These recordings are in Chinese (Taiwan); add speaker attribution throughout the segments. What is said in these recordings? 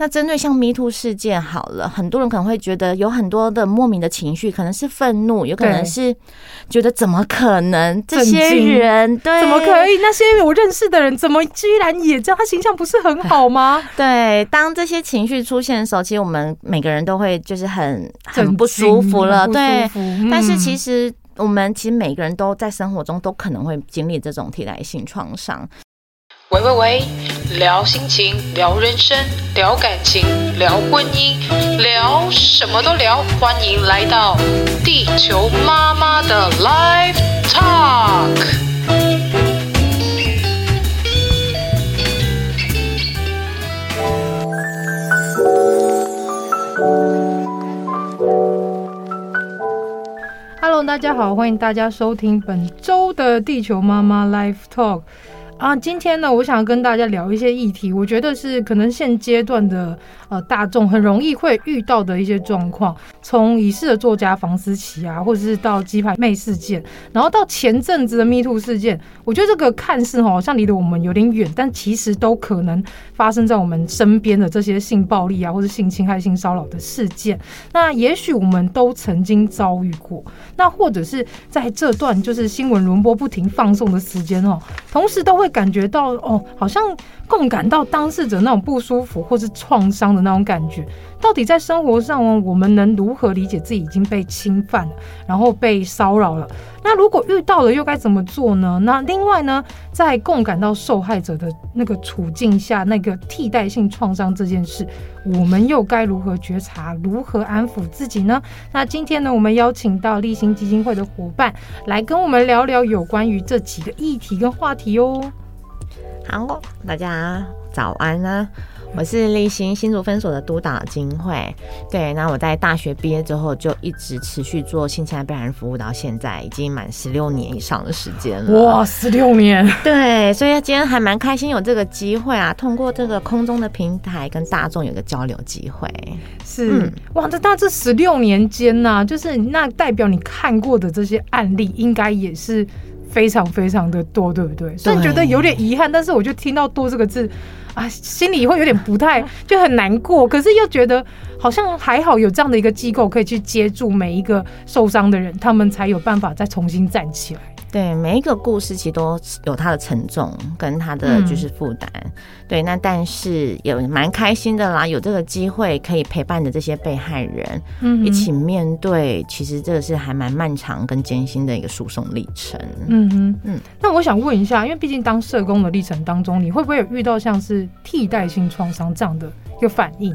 Speaker 1: 那針對像 MeToo 事件好了，很多人可能會覺得有很多的莫名的情緒，可能是憤怒，有可能是覺得怎麼可能這些人對，怎麼可以那些我認識的人怎麼居然也知道他形象不是很好嗎？對，當這些情緒出現的時候，其實我們每個人都會就是很很不舒服了，服對、嗯，但是其實我們其實每個人都在生活中都可能會經歷這種替代性創傷。
Speaker 2: 喂喂，聊心情，聊人生，聊感情，聊婚姻，聊什麼都聊。歡迎來到地球媽媽的 Life Talk。Hello，大家好，歡迎大家收聽本週的地球媽媽 Life Talk。啊，今天呢，我想跟大家聊一些議題。我覺得是可能現階段的呃大眾很容易會遇到的一些狀況，從已逝的作家房思琪啊，或者是到雞排妹事件，然後到前陣子的 Me Too 事件，我覺得這個看似喔，好像離得我們有點遠，但其實都可能發生在我們身邊的這些性暴力啊，或者性侵害、性騷擾的事件。那也許我們都曾經遭遇過，那或者是在這段就是新聞輪播不停放送的時間哦，同時都會。感覺到哦，好像共感到當事者那種不舒服或是創傷的那種感覺，到底在生活上我們能如何理解自己已經被侵犯了，然後被騷擾了？那如果遇到了又該怎麼做呢？那另外呢，在共感到受害者的那個處境下，那個替代性創傷這件事，我們又該如何覺察、如何安撫自己呢？那今天呢，我們邀請到勵馨基金會的夥伴來跟我們聊聊有關於這幾個議題跟話
Speaker 1: 題哦。好，大家早安啊！我是勵馨新竹分所的督導金慧。對，那我在大學畢業之後就一直持續做性侵害被害人服務，到現在已經滿十六年以上的時間了。哇，十六年！對，所以今天還蠻開心有這個機會啊，通過這個空中的平台跟大眾有個交流機會。是，嗯、
Speaker 2: 哇，這大致十六年間呢、啊，就是那代表你看過的這些案例，應該也是。非常非常的多，對不對？
Speaker 3: 雖然覺得有
Speaker 2: 點遺憾，但是我就聽到“多”這個字，啊，心裡會有點不太，就很難過。可是又覺得好像還好有這樣的一個機構可以去接住每一個受傷的人，他們才有辦法再重新站起來。
Speaker 1: 對，每一個故事，其實都有它的沉重跟它的就是負擔。對，那但是有蠻開心的啦，有這個機會可以陪伴着這些被害人一起面對，其實這個是還蠻漫長跟艱辛的一個訴訟歷程。
Speaker 2: 嗯嗯嗯。那我想問一下，因為畢竟當社工的歷程當中，你會不會有遇到像是替代性創傷這樣的一個反應？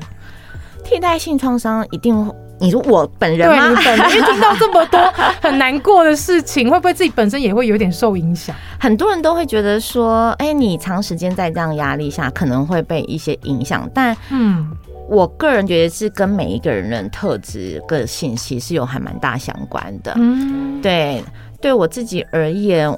Speaker 2: 替代性創傷一定會。
Speaker 1: 你說我本人
Speaker 2: 嗎？你聽到
Speaker 1: 這麼多很難過的事情， 會不會自己本身也會有點受影響？很多人都會覺得說，哎、欸，你長時間在這樣壓力下，可能會被一些影響。但
Speaker 3: 嗯，
Speaker 1: 我個人覺得是跟每一個人，人特質的特質、個性是有還蠻大相關的。
Speaker 3: 嗯，
Speaker 1: 對，對我自己而言。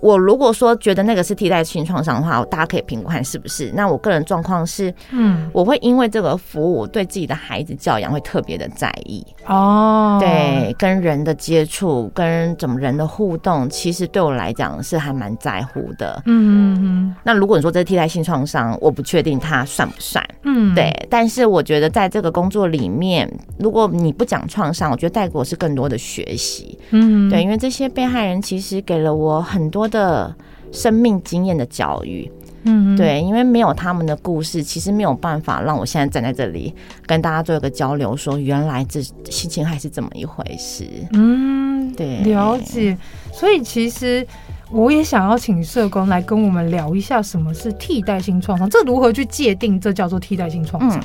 Speaker 1: 我如果說覺得那個是替代性創傷的話，大家可以評判是不是。那我個人狀況是，
Speaker 3: 嗯，
Speaker 1: 我會因為這個服務，我對自己的孩子教養會特別的在意
Speaker 2: 哦。對，
Speaker 1: 跟人的接觸，跟怎麼人的互動，其實對我來講是還蠻在乎的。嗯嗯嗯。那如果你說這是替代性創傷，我不確定它算不算。嗯，對。但是我覺得在這個工作裡面，如果你不講創傷，我覺得帶給我是更多的學習。
Speaker 3: 嗯，對，因為
Speaker 1: 這些被害人其實給了我很多，的生命經驗的教育，
Speaker 3: 嗯，對，
Speaker 1: 因為沒有他們的故事，其實沒有辦法讓我現在站在這裡跟大家做一個交流，說原來這事情還是怎麼一回事，
Speaker 3: 嗯，對，
Speaker 2: 了解。所以其實我也想要請社工來跟我們聊一下，什麼是替代性創傷，這如何去界定，這叫做替代性創傷？嗯，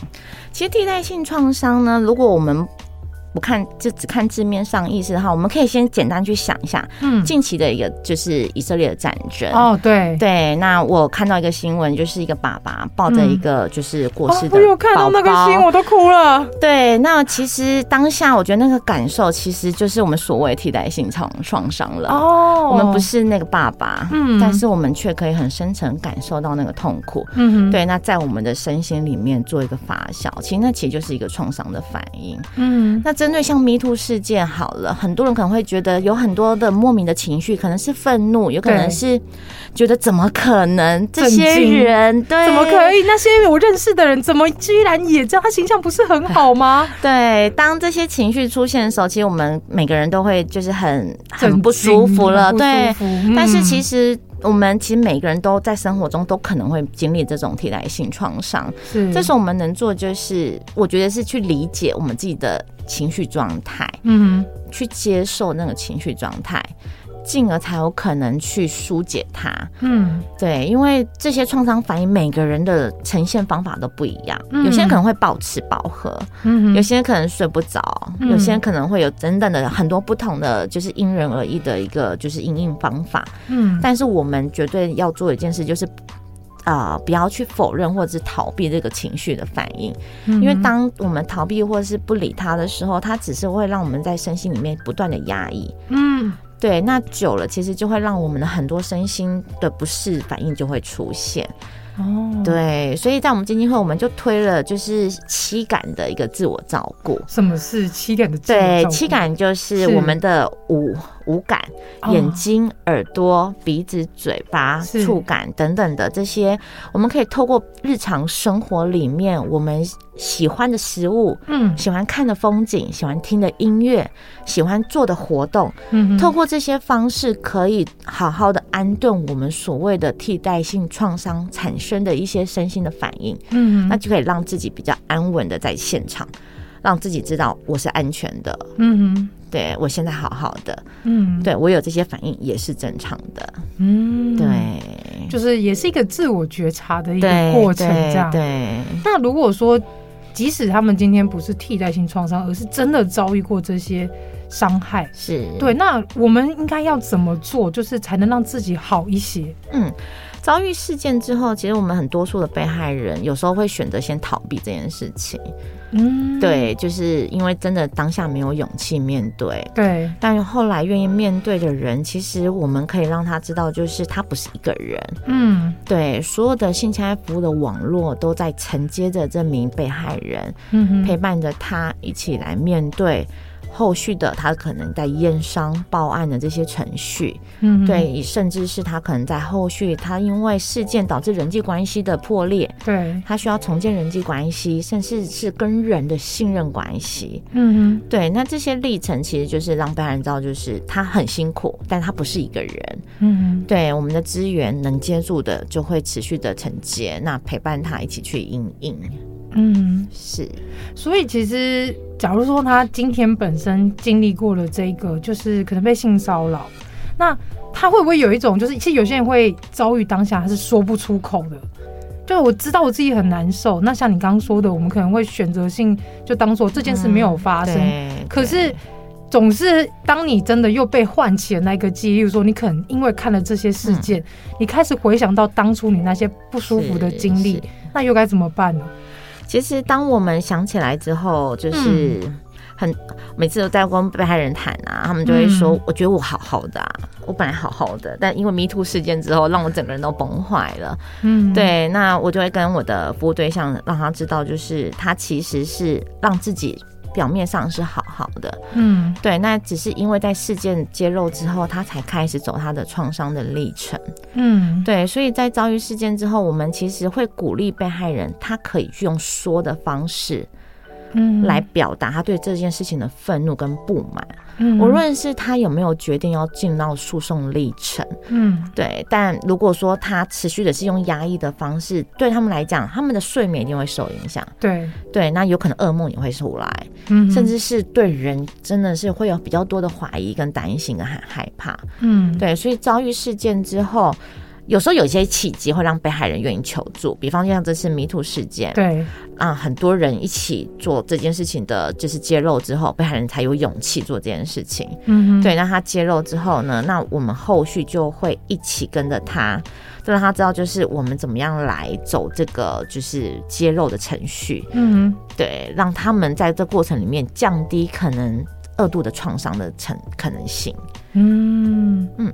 Speaker 1: 其實替代性創傷呢，如果我們不看就只看字面上意思哈，我們可以先簡單去想一下，嗯，近期的一個就是以色列的戰爭哦，對對，那我看到一個新聞，就是一個爸爸抱着一個就是過世的寶寶，嗯哦、我有看到那個心我都哭了。對，那其實當下我覺得那個感受其實就是我們所謂替代性創創傷了哦，
Speaker 3: 我們不是
Speaker 1: 那個爸爸，嗯，但是我們卻可以很深層感受到那個痛苦，嗯，對，那在我們的身心裡面做一個發酵，其實那其實就是一個創傷的反應，嗯，那。針對像 Me Too 事件，好了，很多人可能會覺得有很多的莫名的情緒，可能是憤怒，有可能是覺得怎麼可能，對這些人對怎麼可以？那些我認識的人怎麼居然也知道他形象不是很好嗎？對，對當這些情緒出現的時候，其實我們每個人都會就是很很不舒服了。對，嗯、但是其實。我們其實每個人都在生活中都可能會經歷這種替代性創傷。是。這時候我們能做的就是，我覺得是去理解我們自己的情緒狀態，嗯，去接受那個情緒狀態。進而才有可能去疏解它。嗯，對，因為這些創傷反應，每個人的呈現方法都不一樣。嗯，有些人可能會暴吃暴喝，嗯，有些人可能睡不着，嗯，有些人可能會有等等的很多不同的，就是因人而異的一個就是因應方法。嗯，但是我們絕對要做一件事，就是啊，呃，不要去否認或者是逃避這個情緒的反應，嗯。因為當我們逃避或者是不理它的時候，它只是會讓我們在身心裡面不斷的壓抑。嗯。對，那久了其實就會讓我們的很多身心的不適反應就會出現。哦、oh.，對，所以在我們基金會，我們就推了就是七感的一個自我照顧。
Speaker 2: 什麼是七感的
Speaker 1: 自我照顧？對，七感就是我們的五。五感：眼睛、耳朵、oh. 鼻子、嘴巴、觸感等等的這些，我們可以透過日常生活裡面我們喜歡的食物，嗯，喜歡看的風景，喜歡聽的音樂，喜歡做的活動，嗯，透過這些方式，可以好好的安頓我們所謂的替代性創傷產生的一些身心的反應，嗯，那就可以讓自己比較安穩的在現場，讓自己知道我是安全的，嗯對，我現在好好的。嗯，對，我有這些反應也是正常的。嗯，
Speaker 3: 對，
Speaker 2: 就是也是一個自我覺察的一個過程，這樣對對。對。那如果說，即使他們今天不是替代性創傷，而是真的遭遇過這些傷害，
Speaker 1: 是對，那
Speaker 2: 我們應該要怎麼做，就是才能讓自己好一些？嗯。
Speaker 1: 遭遇事件之後，其實我們很多數的被害人有時候會選擇先逃避這件事情，嗯，
Speaker 3: 對，
Speaker 1: 就是因為真的當下沒有勇氣面對，對，但是後來願意面對的人，其實我們可以讓他知道，就是他不是一個人，嗯，對，所有的性侵害服務的網絡都在承接着這名被害人，嗯，陪伴着他一起來面對。後續的他可能在驗傷報案的這些程序，嗯，對，甚至是他可能在後續，他因為事件導致人際關係的破裂，對，他需要重建人際關係，甚至是跟人的信任關係，嗯，對，那這些歷程其實就是讓被害人知道，就是他很辛苦，但他不是一個人，嗯，對，我們的資源能接住的就會持續的承接，那陪伴他一起去應應。嗯，是。
Speaker 2: 所以其實，假如說他今天本身經歷過了這個，就是可能被性騷擾，那他會不會有一種，就是其實有些人會遭遇當下他是說不出口的，就是我知道我自己很難受。那像你剛剛說的，我們可能會選擇性就當做這件事沒有發生。嗯、可是，總是當你真的又被喚起的那個記憶，說你可能因為看了這些事件、嗯，你開始回想到當初你那些不舒服的經歷，那又該怎麼辦
Speaker 1: 呢？其實，當我們想起來之後，就是很每次都在跟被害人談啊，他們就會說：“我覺得我好好的啊，我本來好好的，但因為 MeToo 事件之後，讓我整個人都崩壞了。”嗯，對，那我就會跟我的服務對象讓他知道，就是他其實是讓自己。表面上是好好的，嗯，對，那只是因為在事件揭露之後，他才開始走他的創傷的歷程，嗯，對，所以在遭遇事件之後，我們其實會鼓勵被害人，他可以去用說的方式。嗯， 來表達他對這件事情的憤怒跟不滿。嗯，無論是他有沒有決定要進入到訴訟歷程，嗯，對。但如果說他持續的是用壓抑的方式，對他們來講，他們的睡眠一定會受影響。對對，那有可能噩夢也會出來，嗯，甚至是對人真的是會有比較多的懷疑跟擔心跟害怕。嗯，對，所以遭遇事件之後。有時候有一些契機會讓被害人願意求助，比方像這次 MeToo 事件，對，啊，很多人一起做這件事情的，就是揭露之後，被害人才有勇氣做這件事情。嗯哼，對，那他揭露之後呢，那我們後續就會一起跟着他，就讓他知道就是我們怎麼樣來走這個就是揭露的程序。嗯哼，對，讓他們在這過程裡面降低可能二度的創傷的成可能性。
Speaker 2: 嗯嗯。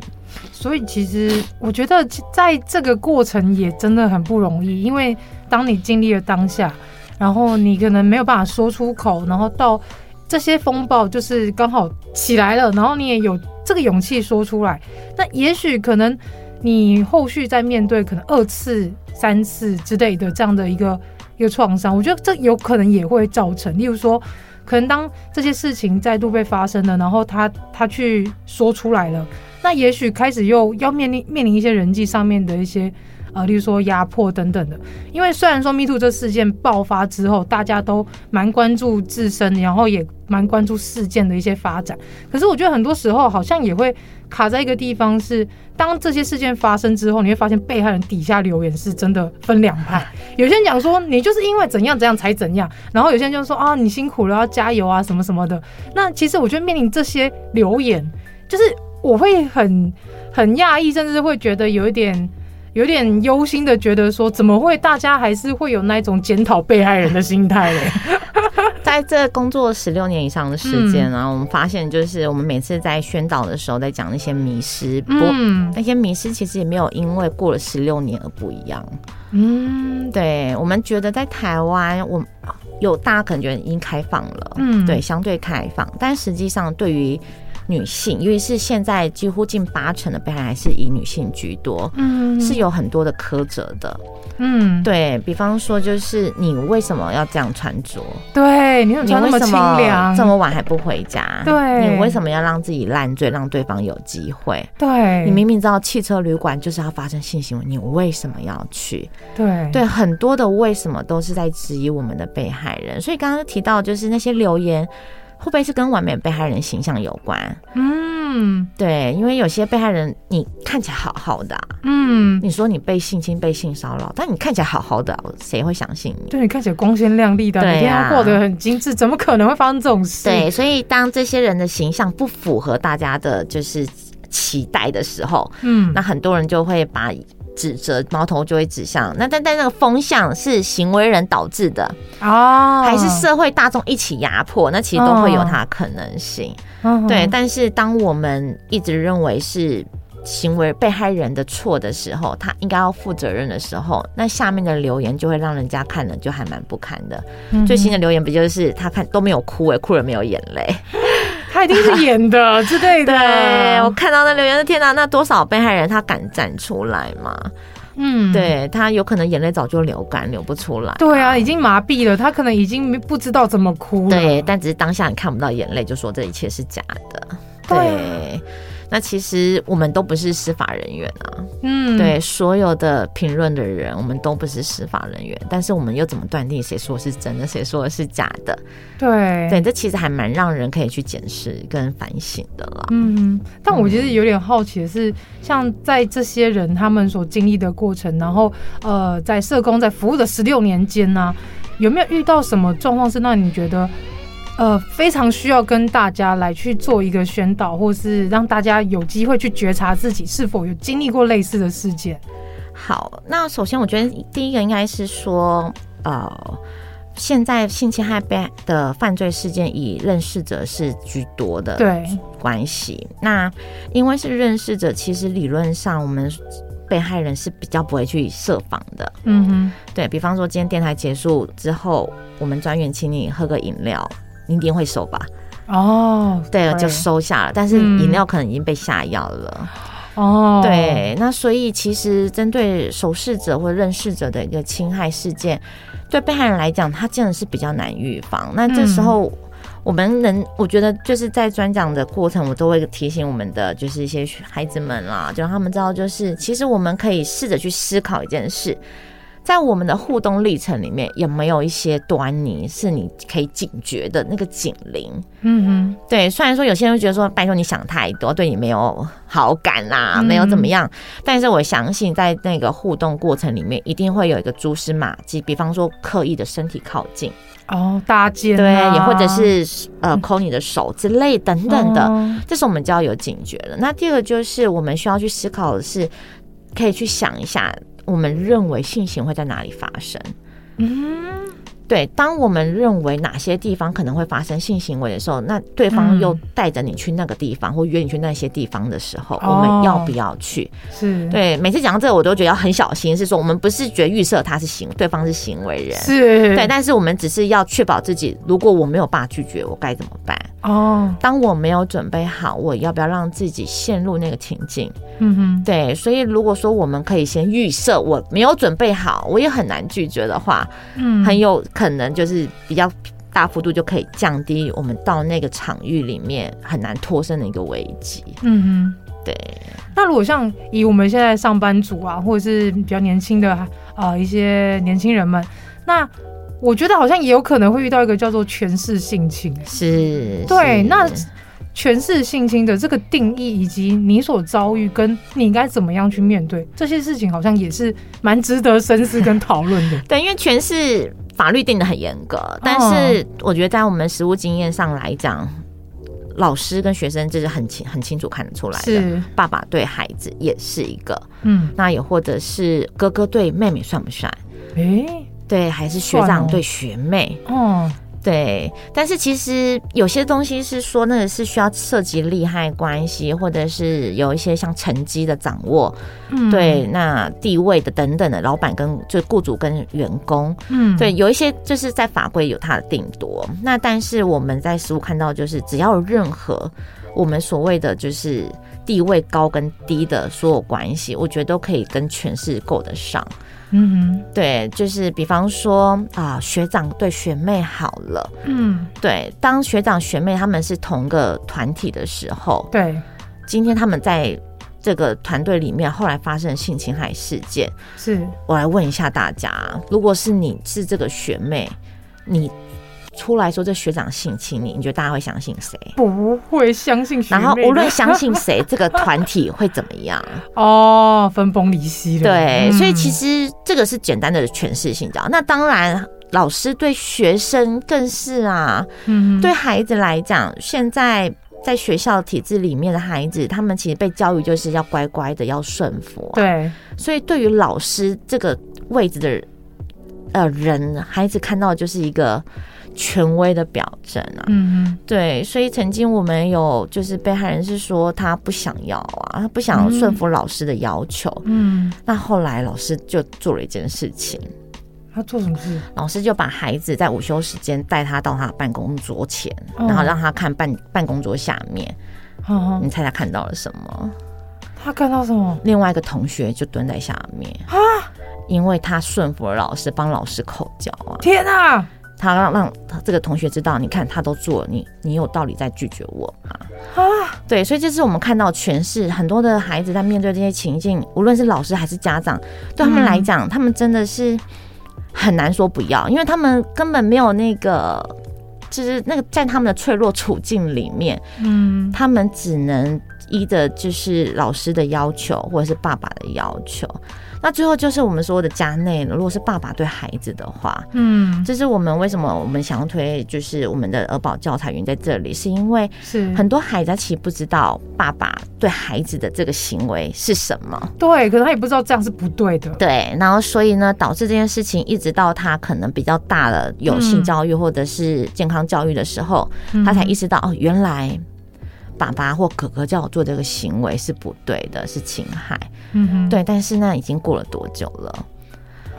Speaker 2: 所以，其實我覺得，在這個過程也真的很不容易，因為當你經歷了當下，然後你可能沒有辦法說出口，然後到這些風暴就是剛好起來了，然後你也有這個勇氣說出來，那也許可能你後續在面對可能二次、三次之類的這樣的一個一個創傷，我覺得這有可能也會造成，例如說。可能當這些事情再度被發生了，然後他他去說出來了，那也許開始又要面臨面臨一些人際上面的一些。例如說壓迫等等的，因為雖然說 MeToo 這事件爆發之後，大家都蠻關注自身，然後也蠻關注事件的一些發展。可是我覺得很多時候好像也會卡在一個地方，是當這些事件發生之後，你會發現被害人底下留言是真的分兩派，有些人講說你就是因為怎樣怎樣才怎樣，然後有些人就說啊你辛苦了，啊，要加油啊什麼什麼的。那其實我覺得面臨這些留言，就是我會很很訝異，甚至會覺得有一點。有點憂心的覺得說，怎麼會大家還是會有那種檢討被害人的心態呢
Speaker 1: 在 這工作十六年以上的時間，啊，啊、嗯，我們發現，就是我們每次在宣導的時候在一，在、嗯、講那些迷思，嗯，那些迷思其實也沒有因為過了十六年而不一樣。嗯，對，我們覺得在台灣，我有大家可能覺得已經開放了，嗯，對，相對開放，但實際上對於。女性，因為是現在幾乎近八成的被害還是以女性居多，嗯，是有很多的苛責的，嗯，對比方說就是你為什麼要這樣穿着？對你怎麼穿那麼清涼？這麼晚還不回家？對，你為什麼要讓自己爛醉，讓對方有機會？
Speaker 3: 對，你明
Speaker 1: 明知道汽車旅館就是要發生性行為，你為什麼要去？
Speaker 3: 對對，
Speaker 1: 很多的為什麼都是在質疑我們的被害人，所以剛剛提到就是那些留言。會不會是跟完美被害人形象有關？
Speaker 3: 嗯，
Speaker 1: 對，因為有些被害人你看起來好好的，啊，
Speaker 3: 嗯，你
Speaker 1: 說你被性侵，被性騷擾，但你看起來好好的，啊，誰會相信你？對，你看起來光鮮亮麗的，對啊，每天要過得很精致，怎麼可能會發生這種事？對，所以當這些人的形象不符合大家的就是期待的時候，嗯，那很多人就會把。指責矛頭就會指向那，但但那個風向是行為人導致的哦，oh. 還是社會大眾一起壓迫？那其實都會有它的可能性。
Speaker 3: Oh. Oh. 對，但
Speaker 1: 是當我們一直認為是行為被害人的錯的時候，他應該要負責任的時候，那下面的留言就會讓人家看了就還蠻不堪的。Oh. 最新的留言不就是他看都沒有哭哎、欸，哭了沒有眼淚。他一定是演的之類 的。對，我看到那留言的天哪，那多少被害人他敢站出來嘛？嗯，對他有可能眼淚早就流乾，流不出來啊。對啊，已經麻痹了，他可能已經不知道怎麼哭了。對，但只是當下你看不到眼淚，就說這一切是假的。對。對啊。那其實我們都不是司法人員啊，嗯，對，所有的評論的人，我們都不是司法人員，但是我們又怎麼斷定誰說是真的，誰說的是假的？
Speaker 2: 對，對，這
Speaker 1: 其實還蠻讓人可以去檢視跟反省的啦。嗯，
Speaker 2: 但我其實有點好奇的是，嗯、像在這些人他們所經歷的過程，然後呃，在社工在服務的十六年間呢、啊，有沒有遇到什麼狀況是讓你覺得？呃，非常需要跟大家來去做一個宣導，或是讓大家有機會去覺察自己是否有經歷過類似的事
Speaker 1: 件。好，那首先我覺得第一個應該是說，呃，現在性侵害被害的犯罪事件以認識者是居多的，對關係。那因為是認識者，其實理論上我們被害人是比較不會去設防的。嗯哼，對比方說，今天電臺結束之後，我們專員請你喝個飲料。你一定會收吧？
Speaker 3: 哦、oh, right.，對，了，就收
Speaker 1: 下了。但是飲料可能已經被下藥了。哦、mm -hmm.，對，那所以其實針對熟識者或認識者的一個侵害事件，對被害人來講，他真的是比較難預防。那這時候我們能，mm -hmm. 我覺得就是在專講的過程，我都會提醒我們的就是一些孩子們啦，就讓他們知道，就是其實我們可以試着去思考一件事。在我們的互動歷程裡面，有沒有一些端倪是你可以警覺的那個警鈴？嗯哼、嗯，對。雖然說有些人會覺得說，拜託你想太多，對你沒有好感啦，啊，沒有怎麼樣。嗯、但是我相信，在那個互動過程裡面，一定會有一個蛛絲馬跡，比方說刻意的身體靠近哦，搭
Speaker 3: 肩、啊、對，也或者是
Speaker 1: 呃摳你的手之類等等的，嗯，這是我們就要有警覺的。那第二個就是我們需要去思考的是，可以去想一下。我們認為性行為在哪裡發生？嗯，對。當我們認為哪些地方可能會發生性行為的時候，那對方又帶着你去那個地方、嗯，或約你去那些地方的時候，我們要不要去？哦、
Speaker 3: 是對。
Speaker 1: 每次講到這個，我都覺得要很小心。是說，我們不是覺得預設他是行，對方是行為人，是對。但是我們只是要確保自己，如果我沒有辦法拒絕，我該怎麼辦？哦、oh.，當我沒有準備好，我要不要讓自己陷入那個情境？
Speaker 3: 嗯哼，
Speaker 1: 對，所以如果說我們可以先預設我沒有準備好，我也很難拒絕的話，嗯、
Speaker 3: mm -hmm.，很有
Speaker 1: 可能就是比較大幅度就可以降低我們到那個場域裡面很難脫身的一個危機。
Speaker 2: 嗯哼，對。那如果像以我們現在上班族啊，或者是比較年輕的啊、呃、一些年輕人們，那。我覺得好像也有可能會遇到一個叫做權勢性侵，是，對，那權勢性侵的這個定義以及你所遭遇，跟你應該怎麼樣去面對這些事情，好像也是蠻值得深思跟討論的。
Speaker 1: 對，因為權勢法律定得很嚴格，但是我覺得在我們實務經驗上來講，哦、老師跟學生這是很清很清楚看得出來的。是爸爸對孩子也是一個，嗯，那也或者是哥哥對妹妹算不算？誒、欸。對，還是學長對學妹，嗯，嗯，對，但是其實有些東西是說那個是需要涉及利害關係，或者是有一些像成績的掌握，嗯，
Speaker 3: 對，那
Speaker 1: 地位的等等的，老闆跟就雇主跟員工，嗯，對，有一些就是在法規有它的定奪，那但是我們在實務看到就是只要有任何。我們所謂的就是地位高跟低的所有關係，我覺得都可以跟權勢夠得上。嗯
Speaker 3: 哼，
Speaker 1: 對，就是比方說啊，學長對學妹好了，嗯，對，當學長學妹他們是同個團體的時候，對，今天他們在這個團隊裡面後來發生性侵害事件，是我來問一下大家，如果是你是這個學妹，你，出來說這學長性侵你，你覺得大家會相信誰？
Speaker 2: 不會相信妹妹。然後無論相信誰，
Speaker 1: 這個團體會怎麼樣？哦，分崩離析的。對、嗯，所以其實這個是簡單的權勢性交。那當然，老師對學生更是啊、嗯，對孩子來講，現在在學校體制裡面的孩子，他們其實被教育就是要乖乖的，要順服、啊。對，所以對於老師這個位置的呃人，孩子看到就是一個。權威的表徵啊，嗯對，所以曾經我們有，就是被害人是說他不想要啊，他不想順服老師的要求嗯，嗯，那後來老師就做了一件事情，
Speaker 3: 他做什麼事？
Speaker 1: 老師就把孩子在午休時間帶他到他辦公桌前，嗯、然後讓他看辦辦公桌下面，
Speaker 2: 嗯、你猜，
Speaker 1: 猜他看到了什麼？他看到什麼？另外一個同學就蹲在下面啊，因為他順服了老師，幫老師口交啊，天哪、啊！他讓讓這個同學知道，你看他都做了，你你有道理在拒絕我啊，對，所以就是我們看到全市很多的孩子在面對這些情境，無論是老師還是家長，嗯、對他們來講，他們真的是很難說不要，因為他們根本沒有那個，就是那個在他們的脆弱處境裡面，
Speaker 3: 嗯，他
Speaker 1: 們只能。一的就是老師的要求，或者是爸爸的要求。那最後就是我們說的家內了。如果是爸爸對孩子的話，
Speaker 3: 嗯，這、就
Speaker 1: 是我們為什麼我們想要推，就是我們的兒保教材雲在這裡，是因為是很多孩子其實不知道爸爸對孩子的這個行為是什麼。對，可能他也不知道這樣是不對的。對，然後所以呢，導致這件事情一直到他可能比較大了，有性教育或者是健康教育的時候，嗯嗯、他才意識到哦，原來。爸爸或哥哥叫我做這個行為是不對的，是侵害、嗯
Speaker 3: 哼。對。
Speaker 1: 但是那已經過了多久了？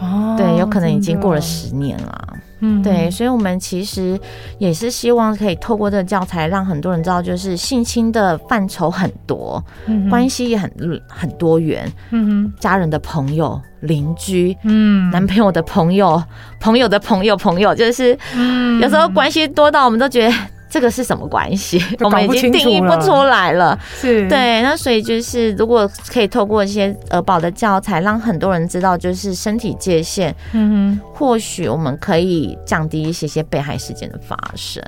Speaker 1: 哦，對，有可能已經過了十年了。嗯，對。所以，我們其實也是希望可以透過這個教材，讓很多人知道，就是性侵的範疇很多，
Speaker 3: 嗯、關係
Speaker 1: 也很很多元、嗯。家人的朋友、鄰居、嗯，男朋友的朋友、朋友的朋友、朋友，就是、嗯、有時候關係多到我們都覺得。這個是什麼關係？ 我們已經定義不出來了。是對，那所以就是，如果可以透過一些兒保的教材，讓很多人知道，就是身體界限，嗯
Speaker 3: 哼，
Speaker 1: 或許我們可以降低一些些被害事件的發生。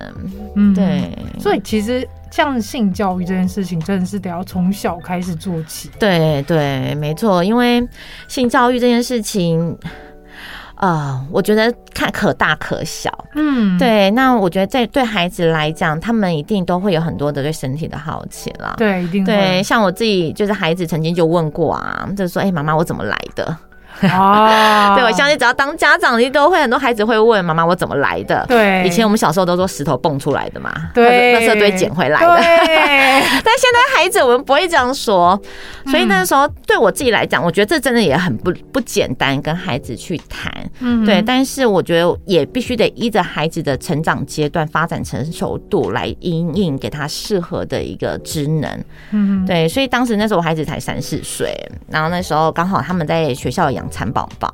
Speaker 1: 嗯，對。
Speaker 2: 所以其實像性教育這件事情，真的是得要從小開始做起。
Speaker 1: 對對，沒錯，因為性教育這件事情，啊、uh,，我覺得看可大可小，嗯，對。那我覺得在對，對孩子來講，他們一定都會有很多的對身體的好奇啦，對，
Speaker 3: 一定對。像
Speaker 1: 我自己就是孩子曾經就問過啊，就說：“哎、欸，媽媽，我怎麼來的？”哦、oh, 對我相信，只要當家長，你都會很多孩子會問媽媽，我怎麼來的？對，以前我們小時候都說石頭蹦出來的嘛，對，垃圾堆撿回來的。
Speaker 3: 但現
Speaker 1: 在孩子我們不會這樣說，所以那時候對我自己來講、嗯，我覺得這真的也很不不簡單，跟孩子去談，嗯，對，但是我覺得也必須得依着孩子的成長階段、發展成熟度來因應給他適合的一個職能，嗯，對，所以當時那時候我孩子才三四歲，然後那時候剛好他們在學校養蠶寶寶，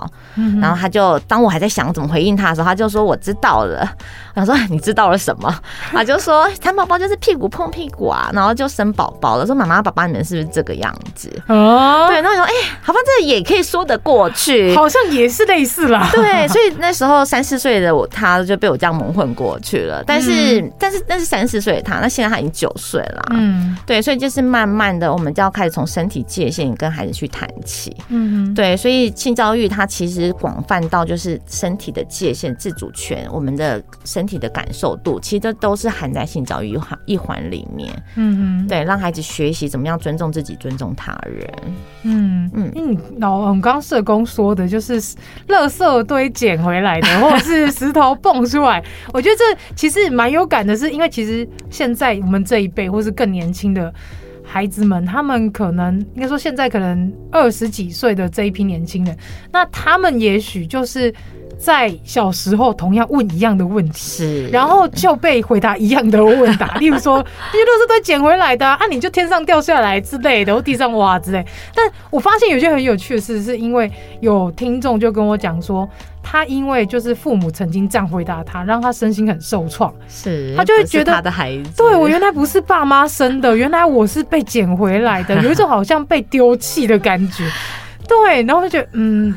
Speaker 1: 然後他就當我還在想怎麼回應他的時候，他就說我知道了。我說你知道了什麼？他就說蠶寶寶就是屁股碰屁股啊，然後就生寶寶了。說媽媽，爸爸，你們是不是這個樣子？哦，對。然後我說哎、欸，好像這個也可以說得過去，好像也是類似啦。對，所以那時候三四歲的我，他就被我這樣矇混過去了。但是，嗯、但是，但是三四歲的他，那現在他已經九歲了。嗯，對，所以就是慢慢的，我們就要開始從身體界限跟孩子去談起。
Speaker 3: 嗯，
Speaker 1: 對，所以。性教育它其實廣泛到就是身體的界限、自主權、我們的身體的感受度，其實這都是含在性教育一環一環裡面。嗯嗯，對，讓孩子學習怎麼樣尊重自己、尊重他人。
Speaker 2: 嗯嗯，老，我們剛剛社工說的就是“垃圾堆撿回來的”或者是“石頭蹦出來”， 我覺得這其實蠻有感的是，是因為其實現在我們這一輩或是更年輕的。孩子們，他們可能應該說，現在可能二十幾歲的這一批年輕人，那他們也許就是。在小時候同樣問一樣的問題，是然後就被回答一樣的問答， 例如說你都是被撿回來的啊，啊你就天上掉下來之類的，或地上挖之類的。但我發現有些很有趣的事，是因為有聽眾就跟我講說，他因為就是父母曾經這樣回答他，讓他身心很受創，是他就會覺得他的孩子，對，我原來不是爸媽生的，原來我是被撿回來的，有一種好像被丟棄的感覺。 對，然後他覺
Speaker 1: 得嗯，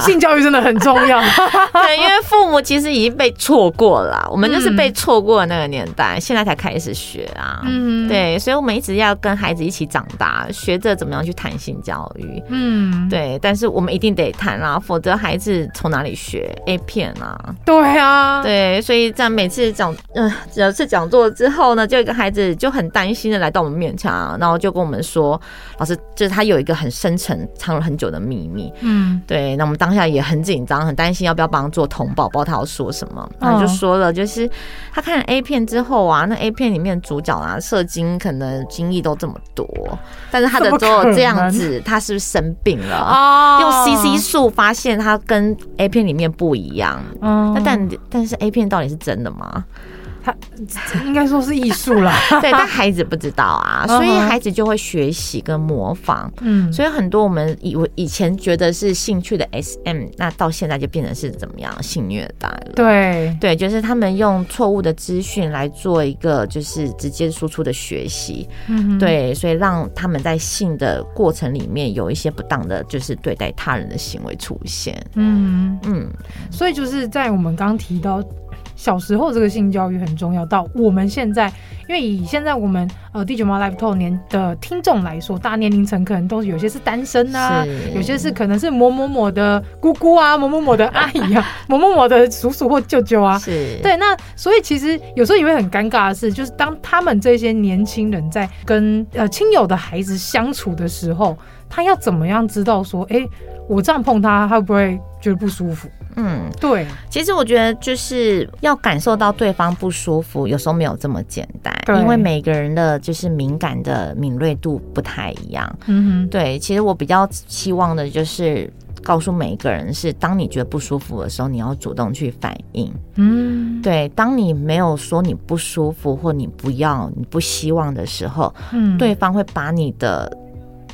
Speaker 1: 性教育真的很重要。 對，因為父母其實已經被錯過了， 我們就是被錯過的那個年代，嗯，現在才開始學啊。嗯，對，所以我們一直要跟孩子一起長大，學着怎麼樣去談性教育。
Speaker 3: 嗯，對，
Speaker 1: 但是我們一定得談啊，否則孩子從哪裡學 A 片啊？對啊，對，所以在每次講嗯，有、呃、次講座之後呢，就一個孩子就很擔心的來到我們面前，啊，然後就跟我們說：“老師，就是他有一個很深沉藏了很久。”有的秘密，嗯，對，那我們當下也很緊張，很擔心要不要幫他做同寶寶，他要說什麼？然後就說了，就是他看了 A 片之後啊，那 A 片裡面主角啊，射精可能精液都這麼多，但是他的做這樣子這，他是不是生病了？哦、用 C C 素發現他跟 A 片裡面不一樣，嗯、哦，那但但是 A 片到底是真的嗎？他應該說是藝術啦，對，但孩子不知道啊，所以孩子就會學習跟模仿，嗯、uh -huh.，所以很多我們以為以前覺得是興趣的 SM、嗯、那到現在就變成是怎麼樣性虐待了？
Speaker 3: 對，
Speaker 1: 對，就是他們用錯誤的資訊來做一個就是直接輸出的學習，嗯，對，所以讓他們在性的過程裡面有一些不當的，就是對待他人的行為出現，嗯嗯，
Speaker 2: 所以就是在我們剛提到。小時候這個性教育很重要，到我們現在，因為以現在我們呃地球媽媽 Life Talk 年的聽眾來說，大家年齡層可能都是有些是單身啊，有些是可能是某某某的姑姑啊，某某某的阿姨啊，某某某的叔叔或舅舅啊，是，對，那所以其實有時候也會很尷尬的是，就是當他們這些年輕人在跟呃親友的孩子相處的時候，他要怎麼樣知道說，哎、欸，我這樣碰他，他會不會覺得不舒服？
Speaker 1: 嗯，對。其實我覺得就是要感受到對方不舒服，有時候沒有這麼簡單，因為每個人的就是敏感的敏銳度不太一樣。嗯哼，對。其實我比較希望的就是告訴每一個人，是當你覺得不舒服的時候，你要主動去反應。
Speaker 3: 嗯，
Speaker 1: 對。當你沒有說你不舒服或你不要、你不希望的時候，嗯、對方會把你的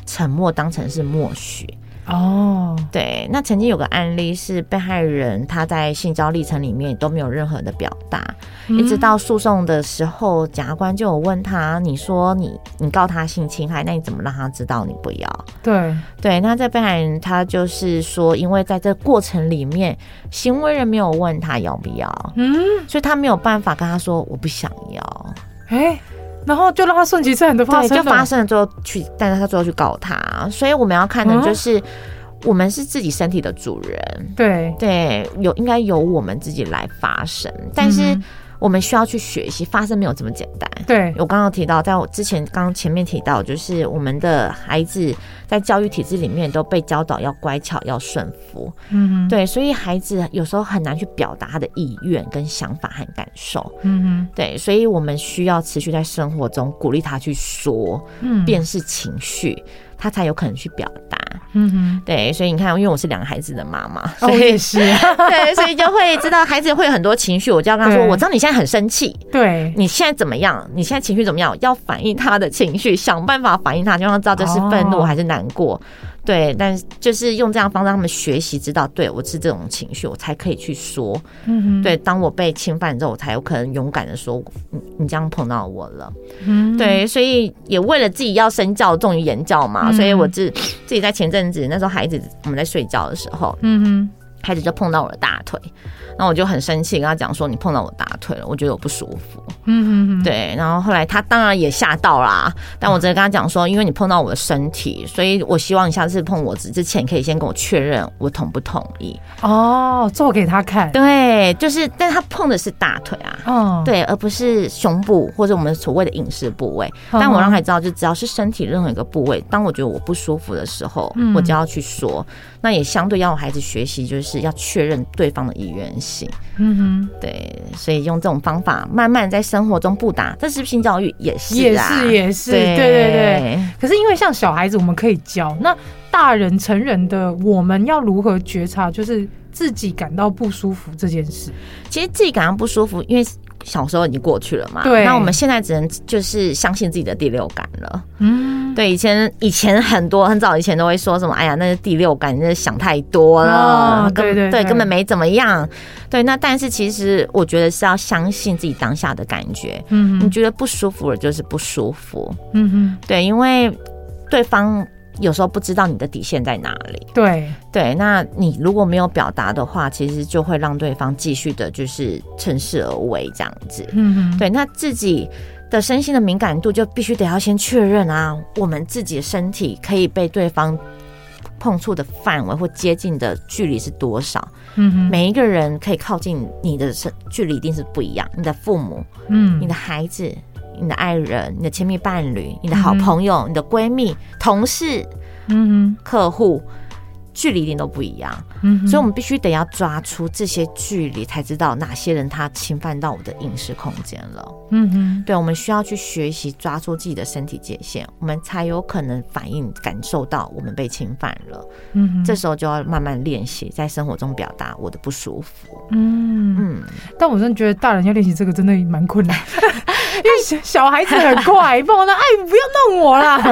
Speaker 1: 沉默當成是默許。哦、oh.，對，那曾經有個案例是被害人他在性交歷程裡面都沒有任何的表達、嗯，一直到訴訟的時候，檢察官就有問他，你說你你告他性侵害，那你怎麼讓他知道你不要？對對，那在被害人他就是說，因為在這過程裡面行為人沒有問他要不要，嗯，所以他沒有辦法跟他說我不想要，欸然後就讓他順其自然的發生、嗯、對，就發生了之後去，但是他最後去告他，所以我們要看的就是、啊，我們是自己身體的主人，對對，有應該由我們自己來發生，但是。嗯我們需要去學習，發聲沒有這麼簡單。對，我剛剛剛提到，在我之前剛前面提到，就是我們的孩子在教育體制裡面都被教導要乖巧，要順服。嗯哼，對，所以孩子有時候很難去表達他的意願、跟想法和感受。嗯
Speaker 3: 哼，
Speaker 1: 對，所以我們需要持續在生活中鼓勵他去說，
Speaker 3: 辨、嗯、
Speaker 1: 識情緒，他才有可能去表達。嗯哼，對，所以你看，因為我是兩個孩子的媽媽，哦，我也是，啊， 對，所以就會知道孩子會有很多情緒，我就要跟他說，我知道你現在很生氣，對你現在怎麼樣？你現在情緒怎麼樣？要反映他的情緒，想辦法反映他，就讓他知道這是憤怒還是難過。哦對，但是就是用這樣方式，他們學習知道，對我是這種情緒，我才可以去說。嗯，對，當我被侵犯之後，我才有可能勇敢的說，你你這樣碰到我了。嗯，對，所以也為了自己要身教重於言教嘛，嗯，所以我是自己在前陣子那時候孩子我們在睡覺的時候，嗯開始就碰到我的大腿，那我就很生氣，跟他講說你碰到我的大腿了，我覺得我不舒服。嗯嗯嗯，對。然後後來他當然也嚇到了、嗯，但我直接跟他講說，因為你碰到我的身體，所以我希望你下次碰我之之前，可以先跟我確認我同不同意。哦，做給他看。對，就是，但他碰的是大腿啊。哦。對，而不是胸部或者我們所謂的隱私部位、嗯。但我讓他知道，就只要是身體任何一個部位，當我覺得我不舒服的時候，嗯、我就要去說。那也相對要孩子學習，就是要確認對方的意願性。
Speaker 3: 嗯哼，
Speaker 1: 對，所以用這種方法慢慢在生活中不打，這是性教育也是啊、也是也是，也是，也是，對對對。
Speaker 2: 可是因為像小孩子，我們可以教；那大人成人的，我們要如何
Speaker 1: 覺察，就是自己感到不舒服這件事？其實自己感到不舒服，因為。小時候已經過去了嘛，對。那我們現在只能就是相信自己的第六感了。嗯，對，以前以前很多很早以前都會說什麼，哎呀，那是第六感，真的想太多了，哦，對對，對，對，根本沒怎麼樣。對，那但是其實我覺得是要相信自己當下的感覺。嗯，你覺得不舒服了就是不舒服。嗯
Speaker 3: 哼，
Speaker 1: 對，因為對方。有時候不知道你的底線在哪裡，對對，那你如果沒有表達的話，其實就會讓對方繼續的，就是乘勢而為這樣子。嗯哼，對，那自己的身心的敏感度就必須得要先確認啊，我們自己身體可以被對方碰觸的範圍或接近的距離是多少？嗯哼，每一個人可以靠近你的身距離一定是不一樣，你的父母，嗯，你的孩子。你的愛人、你的親密伴侶、你的好朋友、嗯、你的閨蜜、同事、
Speaker 3: 嗯，
Speaker 1: 客戶。距離一定都不一樣，
Speaker 3: 嗯、所以我們必
Speaker 1: 須得要抓出這些距離，才知道哪些人他侵犯到我的隱私空間了，嗯嗯，對，我們需要去學習抓住自己的身體界限，我們才有可能反應感受到我們被侵犯了，嗯，這時候就要慢慢練習在生活中表達我的不舒服，嗯
Speaker 2: 嗯，但我真的覺得大人要練習這
Speaker 1: 個真的蠻困難， 因為小，小孩子很快，幫我那哎不要弄我啦、啊，